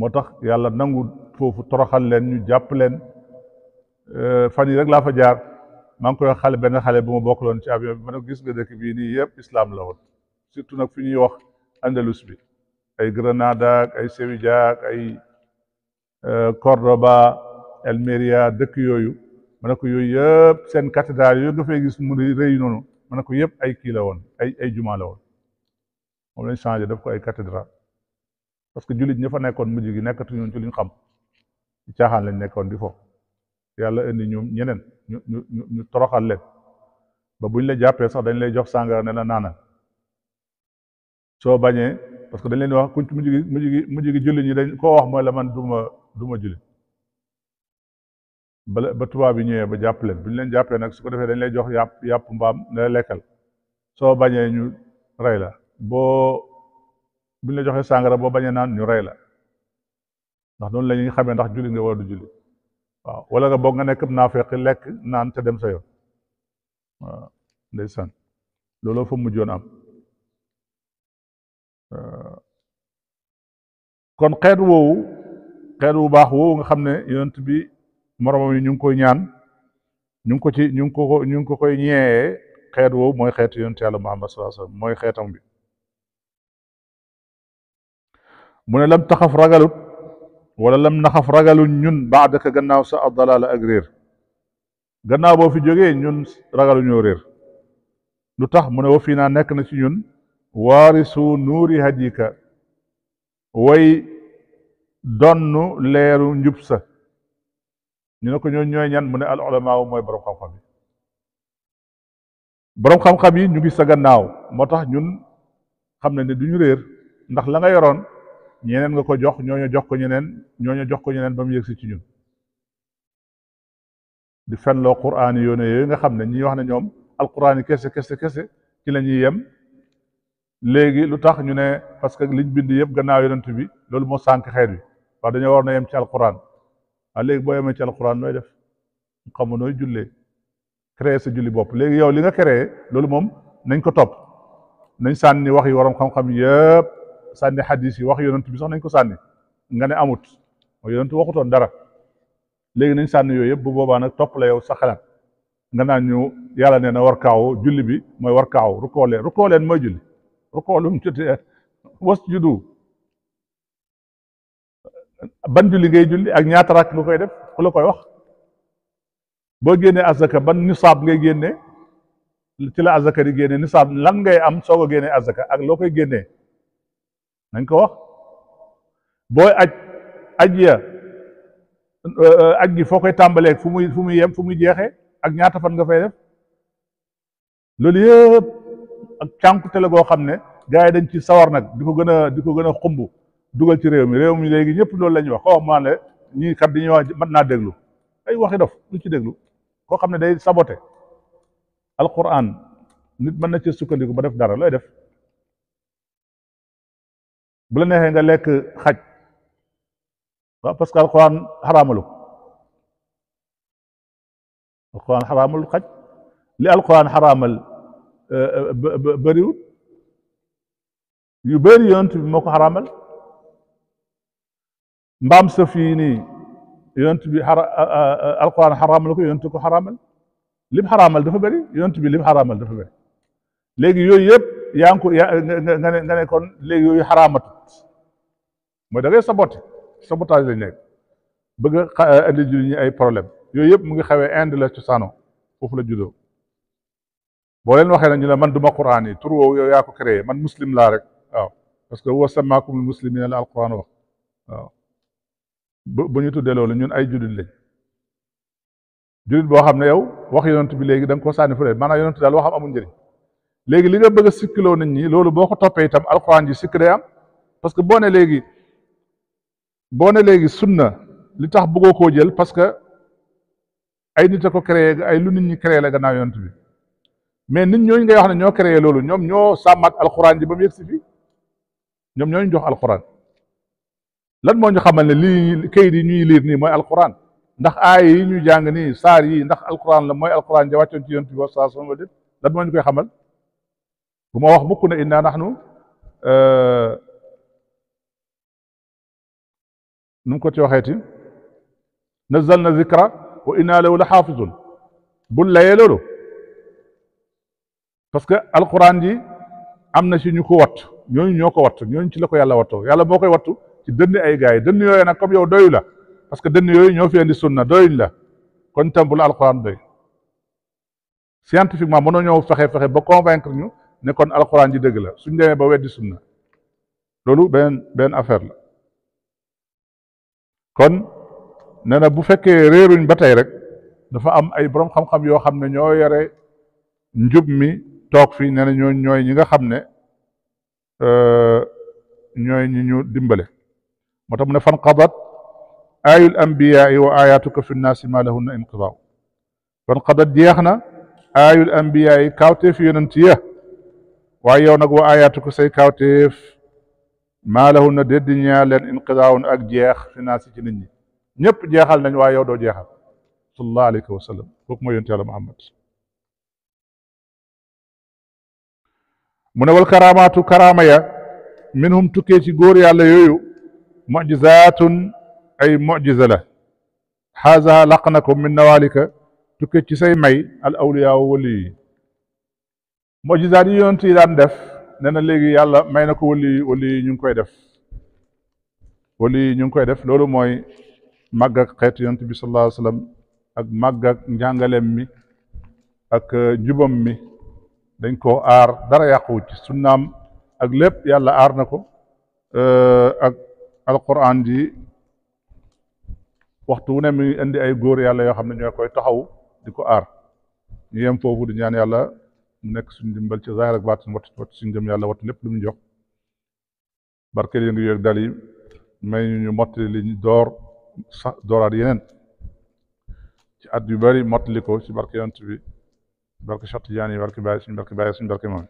motax yàlla nangou fofu toroxal len ñu jàpp len euh fani rek la fa jaar mang ngi koy xale ben xale bu ma bokkaloon ci avion man gis nga dëkk bi ni yëpp islam la won surtout nak fi ñuy wax andalus bi ay Granada ak ay Sevilla ak ay Cordoba Almeria dëkk yoyu man ko yooyu yëpp sen cathédrale yu nga fay gis mu rëy nonu man ko yëpp ay ki la won ay ay juma la won moom lañ changer daf ko ay cathédrale parce que jullit ña fa nekkoon mujj gi nekkatuñu ci luñ xam ci caaxaan lañ nekkoon di fo yàlla indi ñu ñeneen ñu ñu ñu toroxal leen ba buñ la jàppee sax dañ lay jox sàngara ne la naana soo bañee parce que dañ leen wax kuñ mujj gi mujj gi mujj gi jullit koo wax mooy la man duma duma jullit ba ba tubaab yi ñëwee ba jàpp leen bu ñu leen jàppee nag su ko defee dañ lay jox yàpp yàpp mbaam ne la lekkal soo bañee ñu rey la boo buñ la joxee sàngara boo bañee naan ñu rey la ndax noonu la ñuy xamee ndax julli nga war du julli waaw wala nga boog nga nekk naafeq lekk naan te dem sayo yoon waaw ndeysaan looloo fa mujjoon am kon xeet woowu xeet wu baax woowu nga xam ne yonent bi moromam yi ñu ngi koy ñaan ñu ngi ko ci ñu ngi ko ñu ngi ko koy ñeeyee xeet woowu mooy xeet yonent yàlla Muhammad sallallahu alayhi wasallam mooy xeetam bi mu ne lam taxaf ragalut wala lam naxaf ragalun ñun baadaka gannaaw sa addalaala ak réer gannaaw boo fi jógee ñun ragaluñoo réer lu tax mu ne wa fii naa nekk na ci ñun waarisu nuuri hadika way donnu leeru njub sa ñu ne ko ñoo ñooy ñan mu ne al ulamaaw mooy borom xam-xam yi ñu ngi sa gannaaw moo tax ñun xam nañ ne du ñu réer ndax la nga yoroon ñeneen nga ko jox ñooñu jox ko ñeneen ñooñu jox ko ñeneen ba ci ñun di loo quraan yi yoone yooyu nga xam ne ñi wax ne ñoom alquraan yi kese kese kese ci la ñuy yem léegi lu tax ñu ne parce que liñ bind yëpp gannaaw yonent bi loolu moo sànk xeet bi wax dañoo war na yem ci alquraan waaye léegi boo yemee ci alquraan nooy def xamu nooy jullee créer sa julli bopp léegi yow li nga créé loolu moom nañ ko topp nañ sànni wax yi waroom xam-xam yëpp sànni xadis yi wax yonent bi sax nañ ko sànni nga ne amut mooy yonent waxutoon dara léegi nañ sànni yooyu yëpp bu boobaa nag topp la yow sa xalaat nga naan ñu yàlla nee na war kaaw julli bi mooy war kaaw rukkoo leen rukkoo leen mooy julli rukkoo lu mu jotee wasjudu ban julli ngay julli ak ñaata rakk nga koy def ku la koy wax boo génnee azaka ban nisaab ngay génnee ci la azaka di génnee nisaab lan ngay am soog a génnee azaka ak loo koy nañ ko wax booy aj aj ya euh, aj gi foo koy tàmbalee fu muy fu muy yem jeexee ak ñaata fan nga fay def loolu yëpp ak cànkute la goo xam ne gars yi dañ ci sawar nag di ko gën a di ko gën a xumb dugal ci réew mi réew mi léegi ñëpp loolu lañuy wax ko wax maa ne ñii kat dañuy wax mën naa déglu ay waxi dof lu ci déglu koo xam ne day sabote al alquran nit mën na ci sukkandiku ba def dara looy def bu la neexee nga lekk xaj waaw parce que alxuraan xaraamalu alxuraan xaraamal xaj li alxuraan xaraamal euh, euh, bëriwut yu bëri yonent bi moo ko xaraamal mbaam sëf yi bi xara alxuraan xaraamal ko yonent ko xaraamal lim xaraamal dafa bëri yonent bi lim xaraamal dafa bëri léegi yooyu yëpp yaa ngi ko nga ne kon léegi yooyu xaraamatut mooy da ngay saboté sabotage lañ nekk bëgg a eh, indi ñi ay problème yooyu yëpp mu ngi xawee Inde la cosaano foofu la juddoo boo leen waxee nag ñu ne man duma Qur'an yi tur woowu yow yaa ko créé man muslim laa rek waaw parce que wa samaakumul muslimiina la alquran wax bu ñu tuddee loolu ñun ay jullit lañ jullit boo xam ne yow wax yonent bi léegi da nga koo sànni fu leen maanaam yonent daal waxam amul njëriñ léegi li nga bëgg a sikkiloo nit ñi loolu boo ko toppee itam alxuraan ji sikk day am parce que boo ne léegi boo ne léegi sunna li tax buggoo koo jël parce que ay nit a ko créé ay lu nit ñi créé la gannaaw yont bi mais nit ñooñu ngay wax ne ñoo créé loolu ñoom ñoo sàmmat alxuraan ji ba mu yegg si fii ñoom ñooñu jox alxuraan lan moo ñu xamal ne lii kayit yi ñuy liir nii mooy alxuraan ndax aay yi ñu jàng nii saar yi ndax alxuraan la mooy alxuraan ja wàccoon ci yont bi wa saa lan xamal bu ma wax mukk ne inna naxnu euh, nu mu ko ci waxeeti nazal na zikra wa inna lahu la xaafizun bul layee loolu parce que alquran ji am na si ñu ko watt ñooñu ñoo ko watt ñooñu ci la ko yàlla wattoo yàlla moo koy wattu ci dënn ay gars yi dënn yooyu nag comme yow doyu la parce que dënn yooyu ñoo fi indi sunna doyuñ la kon tam bu la alquran doy scientifiquement mënoo ñëw fexe fexe ba convaincre ñu ne kon alxuraan ji dëgg la suñ demee ba weddi sunna loolu benn benn affaire la kon nee na bu fekkee réeruñ ba tey rek dafa am ay borom xam-xam yoo xam ne ñoo yore njub mi toog fi nee na ñoo ñooy ñi nga xam ne euh, ñooy ñi ñu dimbale moo tax mu ne fan qadat aayul ambiyaai wa ayatuka fi nnaasi ma lahunna inqidaaw fan qadat jeex na aayul ambiyaai kaawtee fi yonent ya waaye yow nag wa ayaatu ko say kawteef maalahu na déddi ñaa leen inqidaawun ak jeex financé ci nit ñi ñëpp jeexal nañ waaye yow doo jeexal sallallahu alayhi wa sallam kooku mooy yonte yàlla muhammad mu ne wal karaamaatu karaama ya minhum tukkee ci góor yàlla yooyu mujizaatun ay mujiza la xaaza laq na ko min nawaalika tukkee ci say may al awliyaa wali yi mojisaat yi yonent yi daan def nee na léegi yàlla may na ko wali wali ñu ngi koy def wali ñu ngi koy def loolu mooy màgg ak xeetu yonent bi sallallahu alayhi wa sallam ak màgg ak mi ak euh, njubam mi dañ ko aar dara yàquwut ci sunnaam ak lépp yàlla aar na ko euh, ak alquran ji waxtu wu ne mi indi ay góor yàlla yoo xam ne ñoo koy taxaw di ko aar ñu foofu di ñaan yàlla nek suñu dimbal ci zahir ak baatin wat wat suñu dem yàlla wat lépp lu mu jox barkeel yëngu yëg dal yi may ñu ñu mottali li ñu door sa yenen ci at yu bari mottali ko ci barke yonent bi barke Cheikh Tidiane barke Baye suñu barke Baye suñu barke mom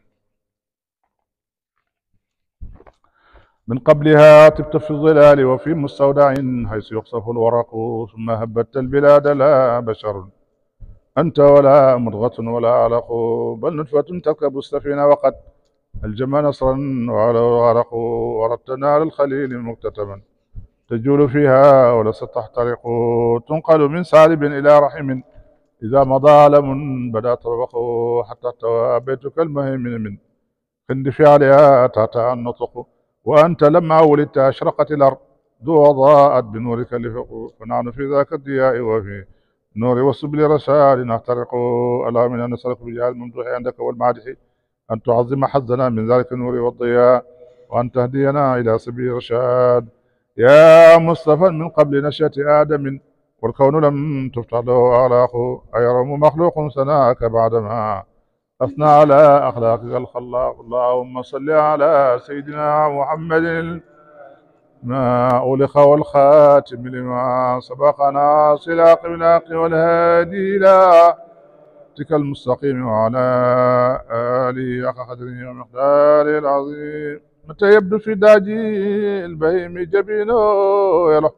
من قبلها طبت في الظلال وفي مستودع حيث يقصف الورق ثم هبت البلاد لا بشر أنت ولا مضغة ولا علق بل نطفة تركب السفينة وقد الجمع نصرا وعلى غرق وردتنا على الخليل مكتتما تجول فيها ولست تحترق تنقل من سالب إلى رحم إذا مضى علم بدا تربخ حتى احتوى بيتك المهيمن من خندف عليها تعتى النطق وأنت لما ولدت أشرقت الأرض وضاءت بنورك لفق ونحن في ذاك الضياء وفي نوري وسبل رشاد نحترق اللهم انا نسالك بجاه الممدوح عندك والمادح ان تعظم حظنا من ذلك النور والضياء وان تهدينا الى سبيل رشاد يا مصطفى من قبل نشأة آدم والكون لم تفتح له أغلاقه أيرم مخلوق سناك بعدما أثنى على أخلاقك الخلاق اللهم صل على سيدنا محمد ما أولخ والخاتم لما سبق صلاة العاقب والهادي لا تك المستقيم وعلى آله أخ قدره ومقداره العظيم متى يبدو في داجي البهيم جبينه يره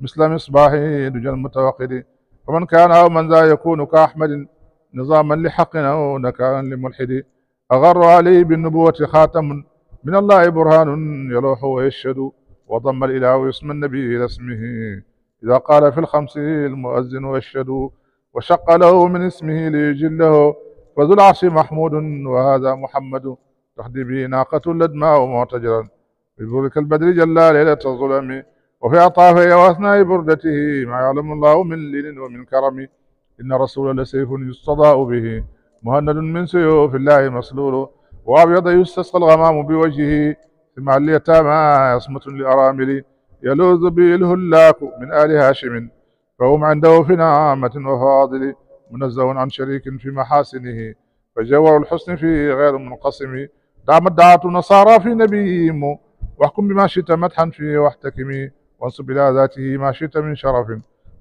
مثل مصباحي دجى المتوقد ومن كان أو من ذا يكون كأحمد نظاما لحق أو نكالا لملحد أغر عليه بالنبوة خاتم من الله برهان يلوح ويشهد وضم الإله اسم النبي إلى اسمه إذا قال في الخمس المؤذن والشد وشق له من اسمه ليجله فذو العرش محمود وهذا محمد تهدي به ناقة لدماء معتجرا ببرك البدر جلى ليلة الظلم وفي اعطافه وأثناء بردته ما يعلم الله من لين ومن كرم إن رسول لسيف يستضاء به مهند من سيوف الله مسلول وأبيض يستسقى الغمام بوجهه على اليتامى عصمة لأرامل يلوذ به الهلاك من آل هاشم فهم عنده في نعمة وفاضل منزه عن شريك في محاسنه فجوار الحسن فيه غير منقسم دعم الدعاة النصارى في نبيهم واحكم بما شئت مدحا فيه واحتكم وانصب إلى ذاته ما شئت من شرف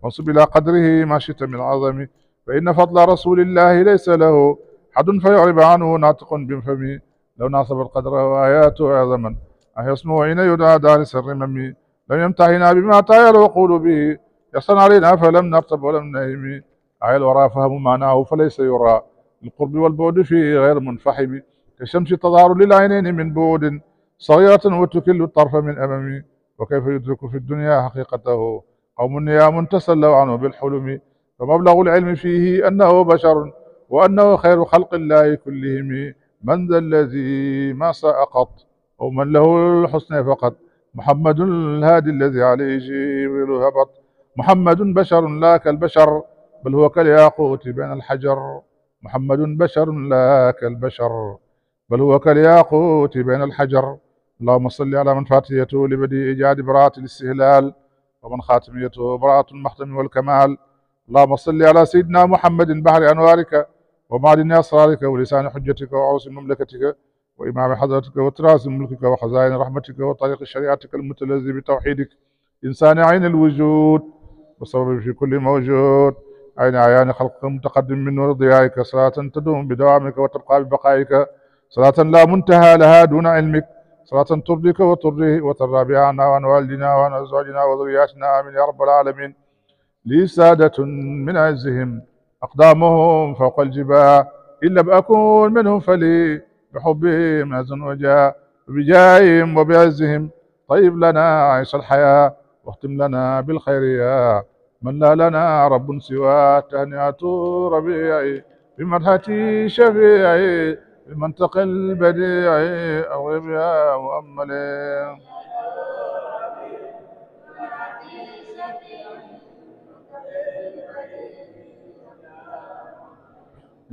وانصب إلى قدره ما شئت من عظم فإن فضل رسول الله ليس له حد فيعرب عنه ناطق بفمه لو ناصب القدر وآياته أعظما أحسنه حين يدعى دار سر ممي لم يمتحنا بما طاير وقول به يحسن علينا فلم نرتب ولم نهم أعي الورى فهم معناه فليس يرى القرب والبعد فيه غير منفحم كالشمس تظهر للعينين من بعد صغيرة وتكل الطرف من أمامي وكيف يدرك في الدنيا حقيقته قوم نيام تسلوا عنه بالحلم فمبلغ العلم فيه أنه بشر وأنه خير خلق الله كلهم من ذا الذي ما سأقط أو من له الحسنى فقط محمد الهادي الذي عليه جبريل هبط محمد بشر لا كالبشر بل هو كالياقوت بين الحجر محمد بشر لا كالبشر بل هو كالياقوت بين الحجر اللهم صل على من فاتيته لبديع إيجاد براءة الاستهلال ومن خاتميته براءة المحتم والكمال اللهم صل على سيدنا محمد بحر أنوارك ومعدن أسرارك ولسان حجتك وعوس مملكتك وإمام حضرتك وتراس ملكك وخزائن رحمتك وطريق شريعتك المتلذذ بتوحيدك إنسان عين الوجود وسبب في كل موجود عين عيان خلقك متقدم من رضيائك صلاة تدوم بدوامك وتبقى ببقائك صلاة لا منتهى لها دون علمك صلاة ترضيك وترضيه وترضى بها عنا وعن والدنا وعن أزواجنا وذرياتنا آمين يا رب العالمين لي سادة من عزهم أقدامهم فوق الجباه إن لم أكون منهم فلي بحبهم هز وجاء بجاههم وبعزهم طيب لنا عيش الحياة واختم لنا بالخير يا من لا لنا رب سوى تهنئة ربيعي بمرحتي شفيعي بمنطق البديع أغيب يا مؤملي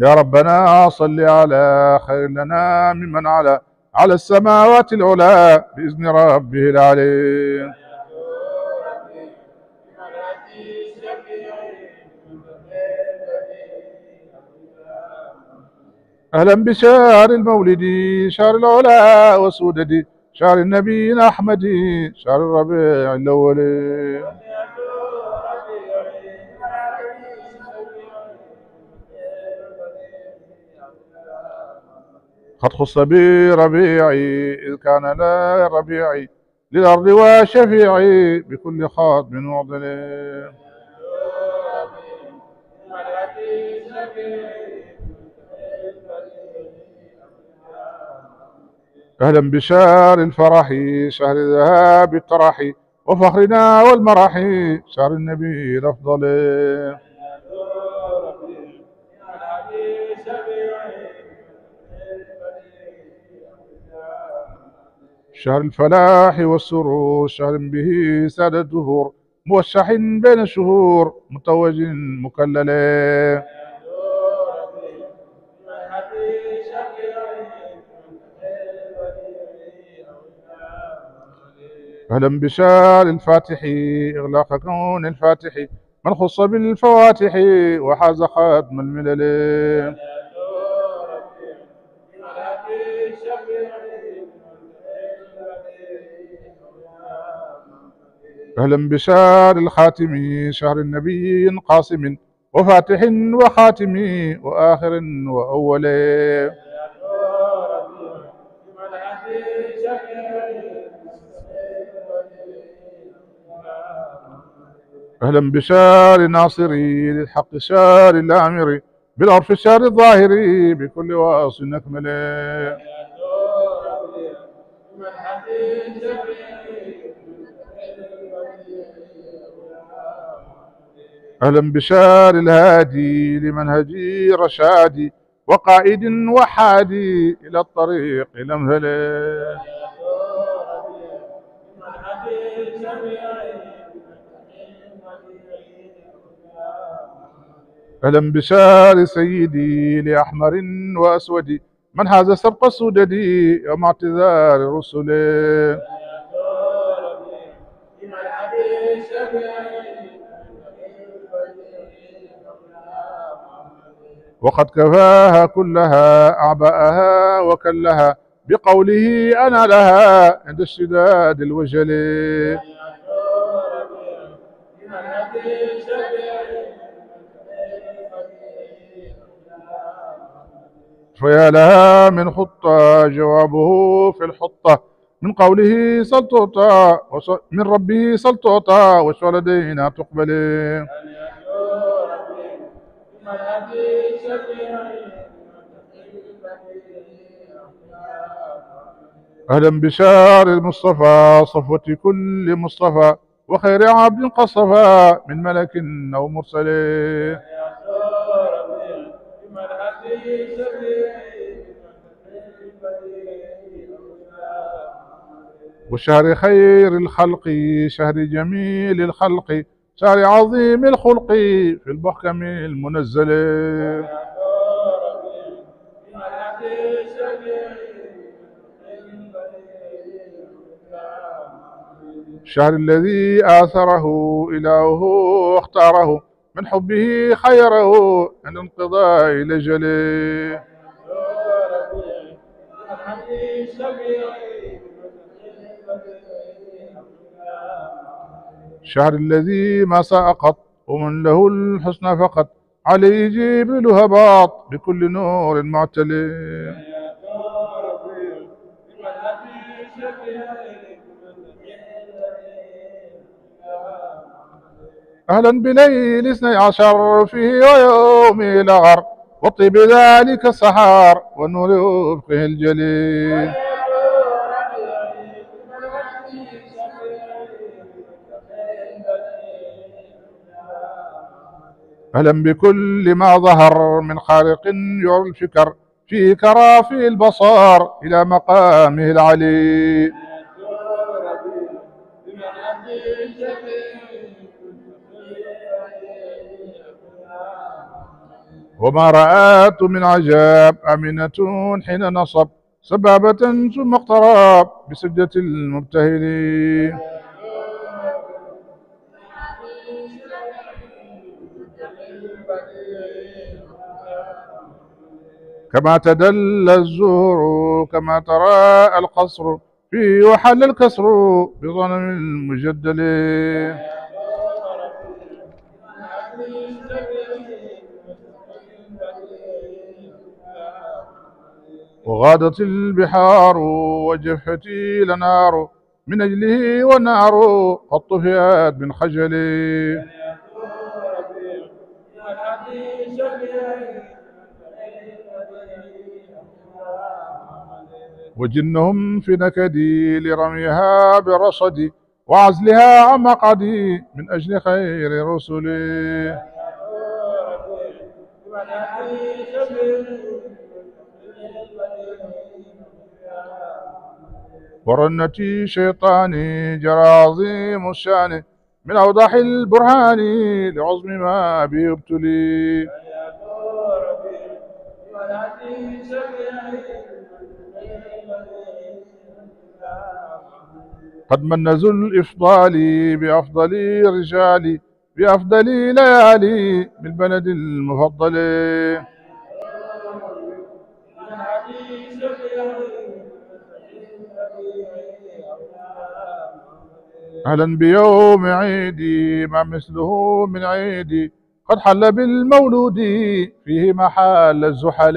يا ربنا صل على خير لنا ممن على على السماوات العلى بإذن ربه العليم أهلا بشهر المولد شهر العلا وسودد شهر النبي أحمد شهر الربيع الأول قد خص بي ربيعي إذ كان لا ربيعي للأرض وشفيعي بكل من وعضل أهلا بشهر الفرح شهر الذهاب الطرح وفخرنا والمرح شهر النبي الأفضل شهر الفلاح والسرور شهر به سادة الدهور موشح بين الشهور متوج مكلل أهلا بشار الفاتح إغلاق كون الفاتح من خص بالفواتح وحاز خاتم الملل أهلا بشار الخاتم شهر النبي قاسم وفاتح وخاتم وآخر وأول أهلا بشار ناصري للحق شار الامر بالعرف شار الظاهري بكل واص أكمل أهلا بشار الهادي لمنهجي رشادي وقائد وحادي إلى الطريق لمهله أهلا بشار سيدي لأحمر وأسود من هذا سبق سددي يوم اعتذار رسله وقد كفاها كلها أعبأها وكلها بقوله أنا لها عند الشداد الوجل فيا لها من خطة جوابه في الحطة من قوله سلطوطة من ربه سلطوطة ولدينا تقبلين أهلا بشار المصطفى صفوة كل مصطفى وخير عبد قد صفى من ملك أو مرسلين وشهر خير الخلق شهر جميل الخلق شعر عظيم الخلق في المحكم المنزل الشعر الذي آثره إلهه واختاره من حبه خيره انقضى انقضاء لجله الشهر الذي ما سأقط ومن له الحسنى فقط عليه جبل هباط بكل نور معتلي أهلا بليل اثني عشر فيه ويوم لغر وطيب ذلك السحار والنور يبقيه الجليل ألم بكل ما ظهر من خالق يرى الفكر في كرافي البصار إلى مقامه العلي وما رآت من عجاب أمنة حين نصب سبابة ثم اقتراب بسجدة المبتهلين كما تدل الزهر كما ترى القصر في وحل الكسر بظلم المجدل وغادت البحار وجفتي لنار من أجله والنار قد طفئت من خجلي وجنهم في نكدي لرميها برصدي وعزلها عن مقعدي من أجل خير رسلي ورنتي شيطاني جرى عظيم الشان من أوضح البرهان لعظم ما به ابتلي قد من ذو الإفضال بأفضل رجالي بأفضل ليالي بالبلد المفضل أهلا بيوم عيدي ما مثله من عيدي قد حل بالمولود فيه محل الزحل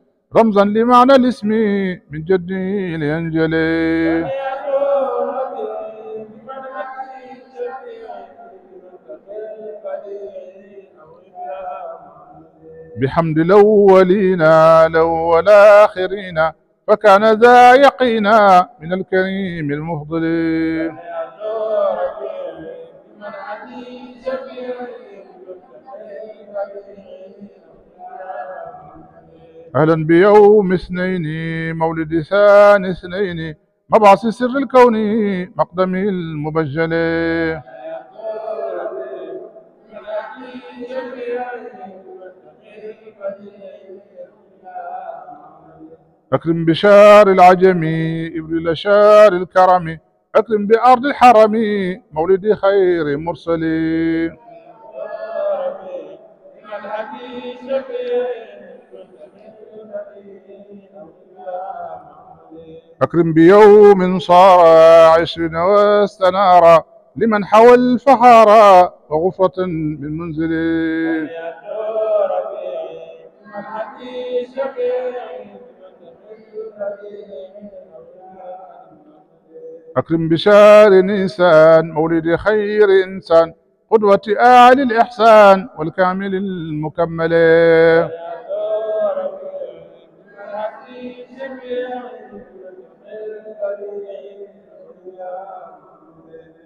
رمزا لمعنى الاسم من جدي لينجلي بحمد الأولين اخرين فكان ذا يقينا من الكريم المفضل Thank you. أهلا بيوم اثنين مولد ثاني اثنين مبعث سر الكون مقدم المبجل أكرم بشار العجمي إبريل شار الكرم أكرم بأرض الحرم مولد خير مرسلي أكرم بيوم صار عشر واستنارا لمن حوى الفحارا وغفرة من منزل أكرم بشار إنسان مولد خير إنسان قدوة أعلى الإحسان والكامل المكمل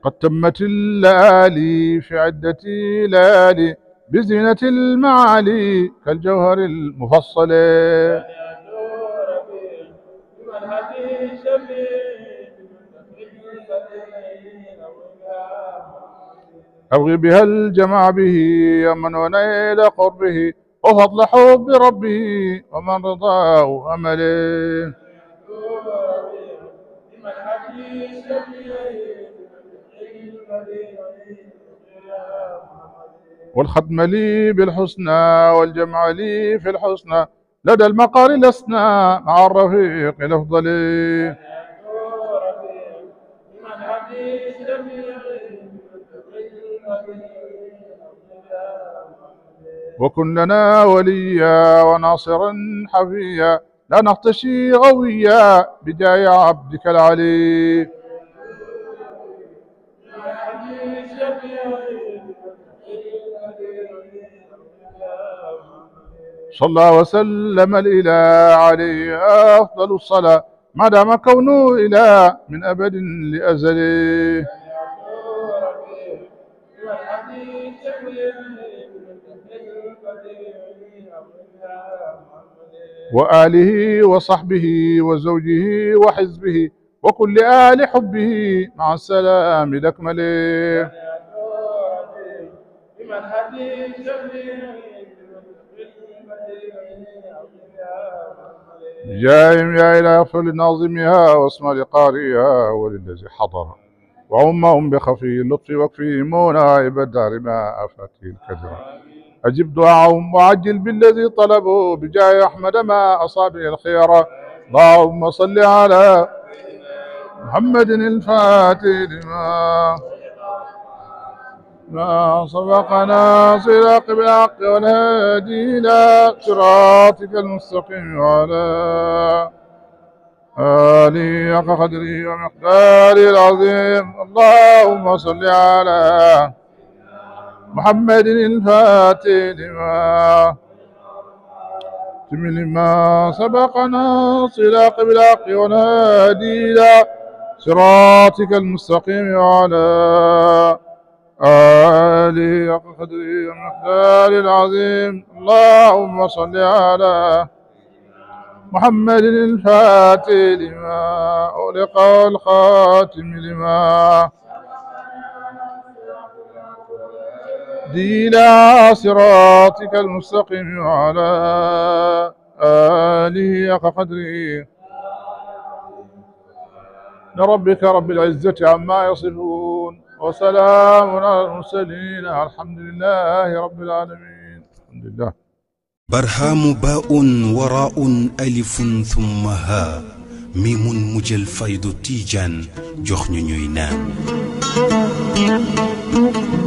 قد تمت اللالي في عدة لالي بزينة المعالي كالجوهر المفصل أبغي بها الجمع به ومن ونيل قربه وفضل حب ربه ومن رضاه أمله والختم لي بالحسنى والجمع لي في الحسنى لدى المقار لسنا مع الرفيق الأفضل وكن لنا وليا وناصرا حفيا لا نختشي غويا بداية عبدك العلي صلى وسلم الإله عليه أفضل الصلاة ما دام كونه إله من أبد لأزل وآله وصحبه وزوجه وحزبه وكل آل حبه مع السلام الأكمل جائم يا إلى اغفر لناظمها واسمى لقارئها وللذي حضر وعمهم بخفي اللطف واكفيهم نائب الدار ما أفاته الكدر أجب دعاهم وعجل بالذي طلبوا بجاه أحمد ما أصابه الخير اللهم صل على محمد الفاتح لما ما سبقنا صراط بالحق والهادي إلى صراطك المستقيم وعلى آله حق ومقداري العظيم اللهم صل على محمد الفاتح لما تم لما سبقنا صراط بالحق والهادي إلى صراطك المستقيم وعلى عالي قدري المقدار العظيم اللهم صل على محمد الفاتح لما أولق الخاتم لما دينا صراطك المستقيم وعلى آله قدره لربك رب العزة عما يصفون وسلام على المرسلين الحمد لله رب العالمين الحمد لله برهام باء وراء ألف ثم ها ميم مجل فيض تيجان جخن نام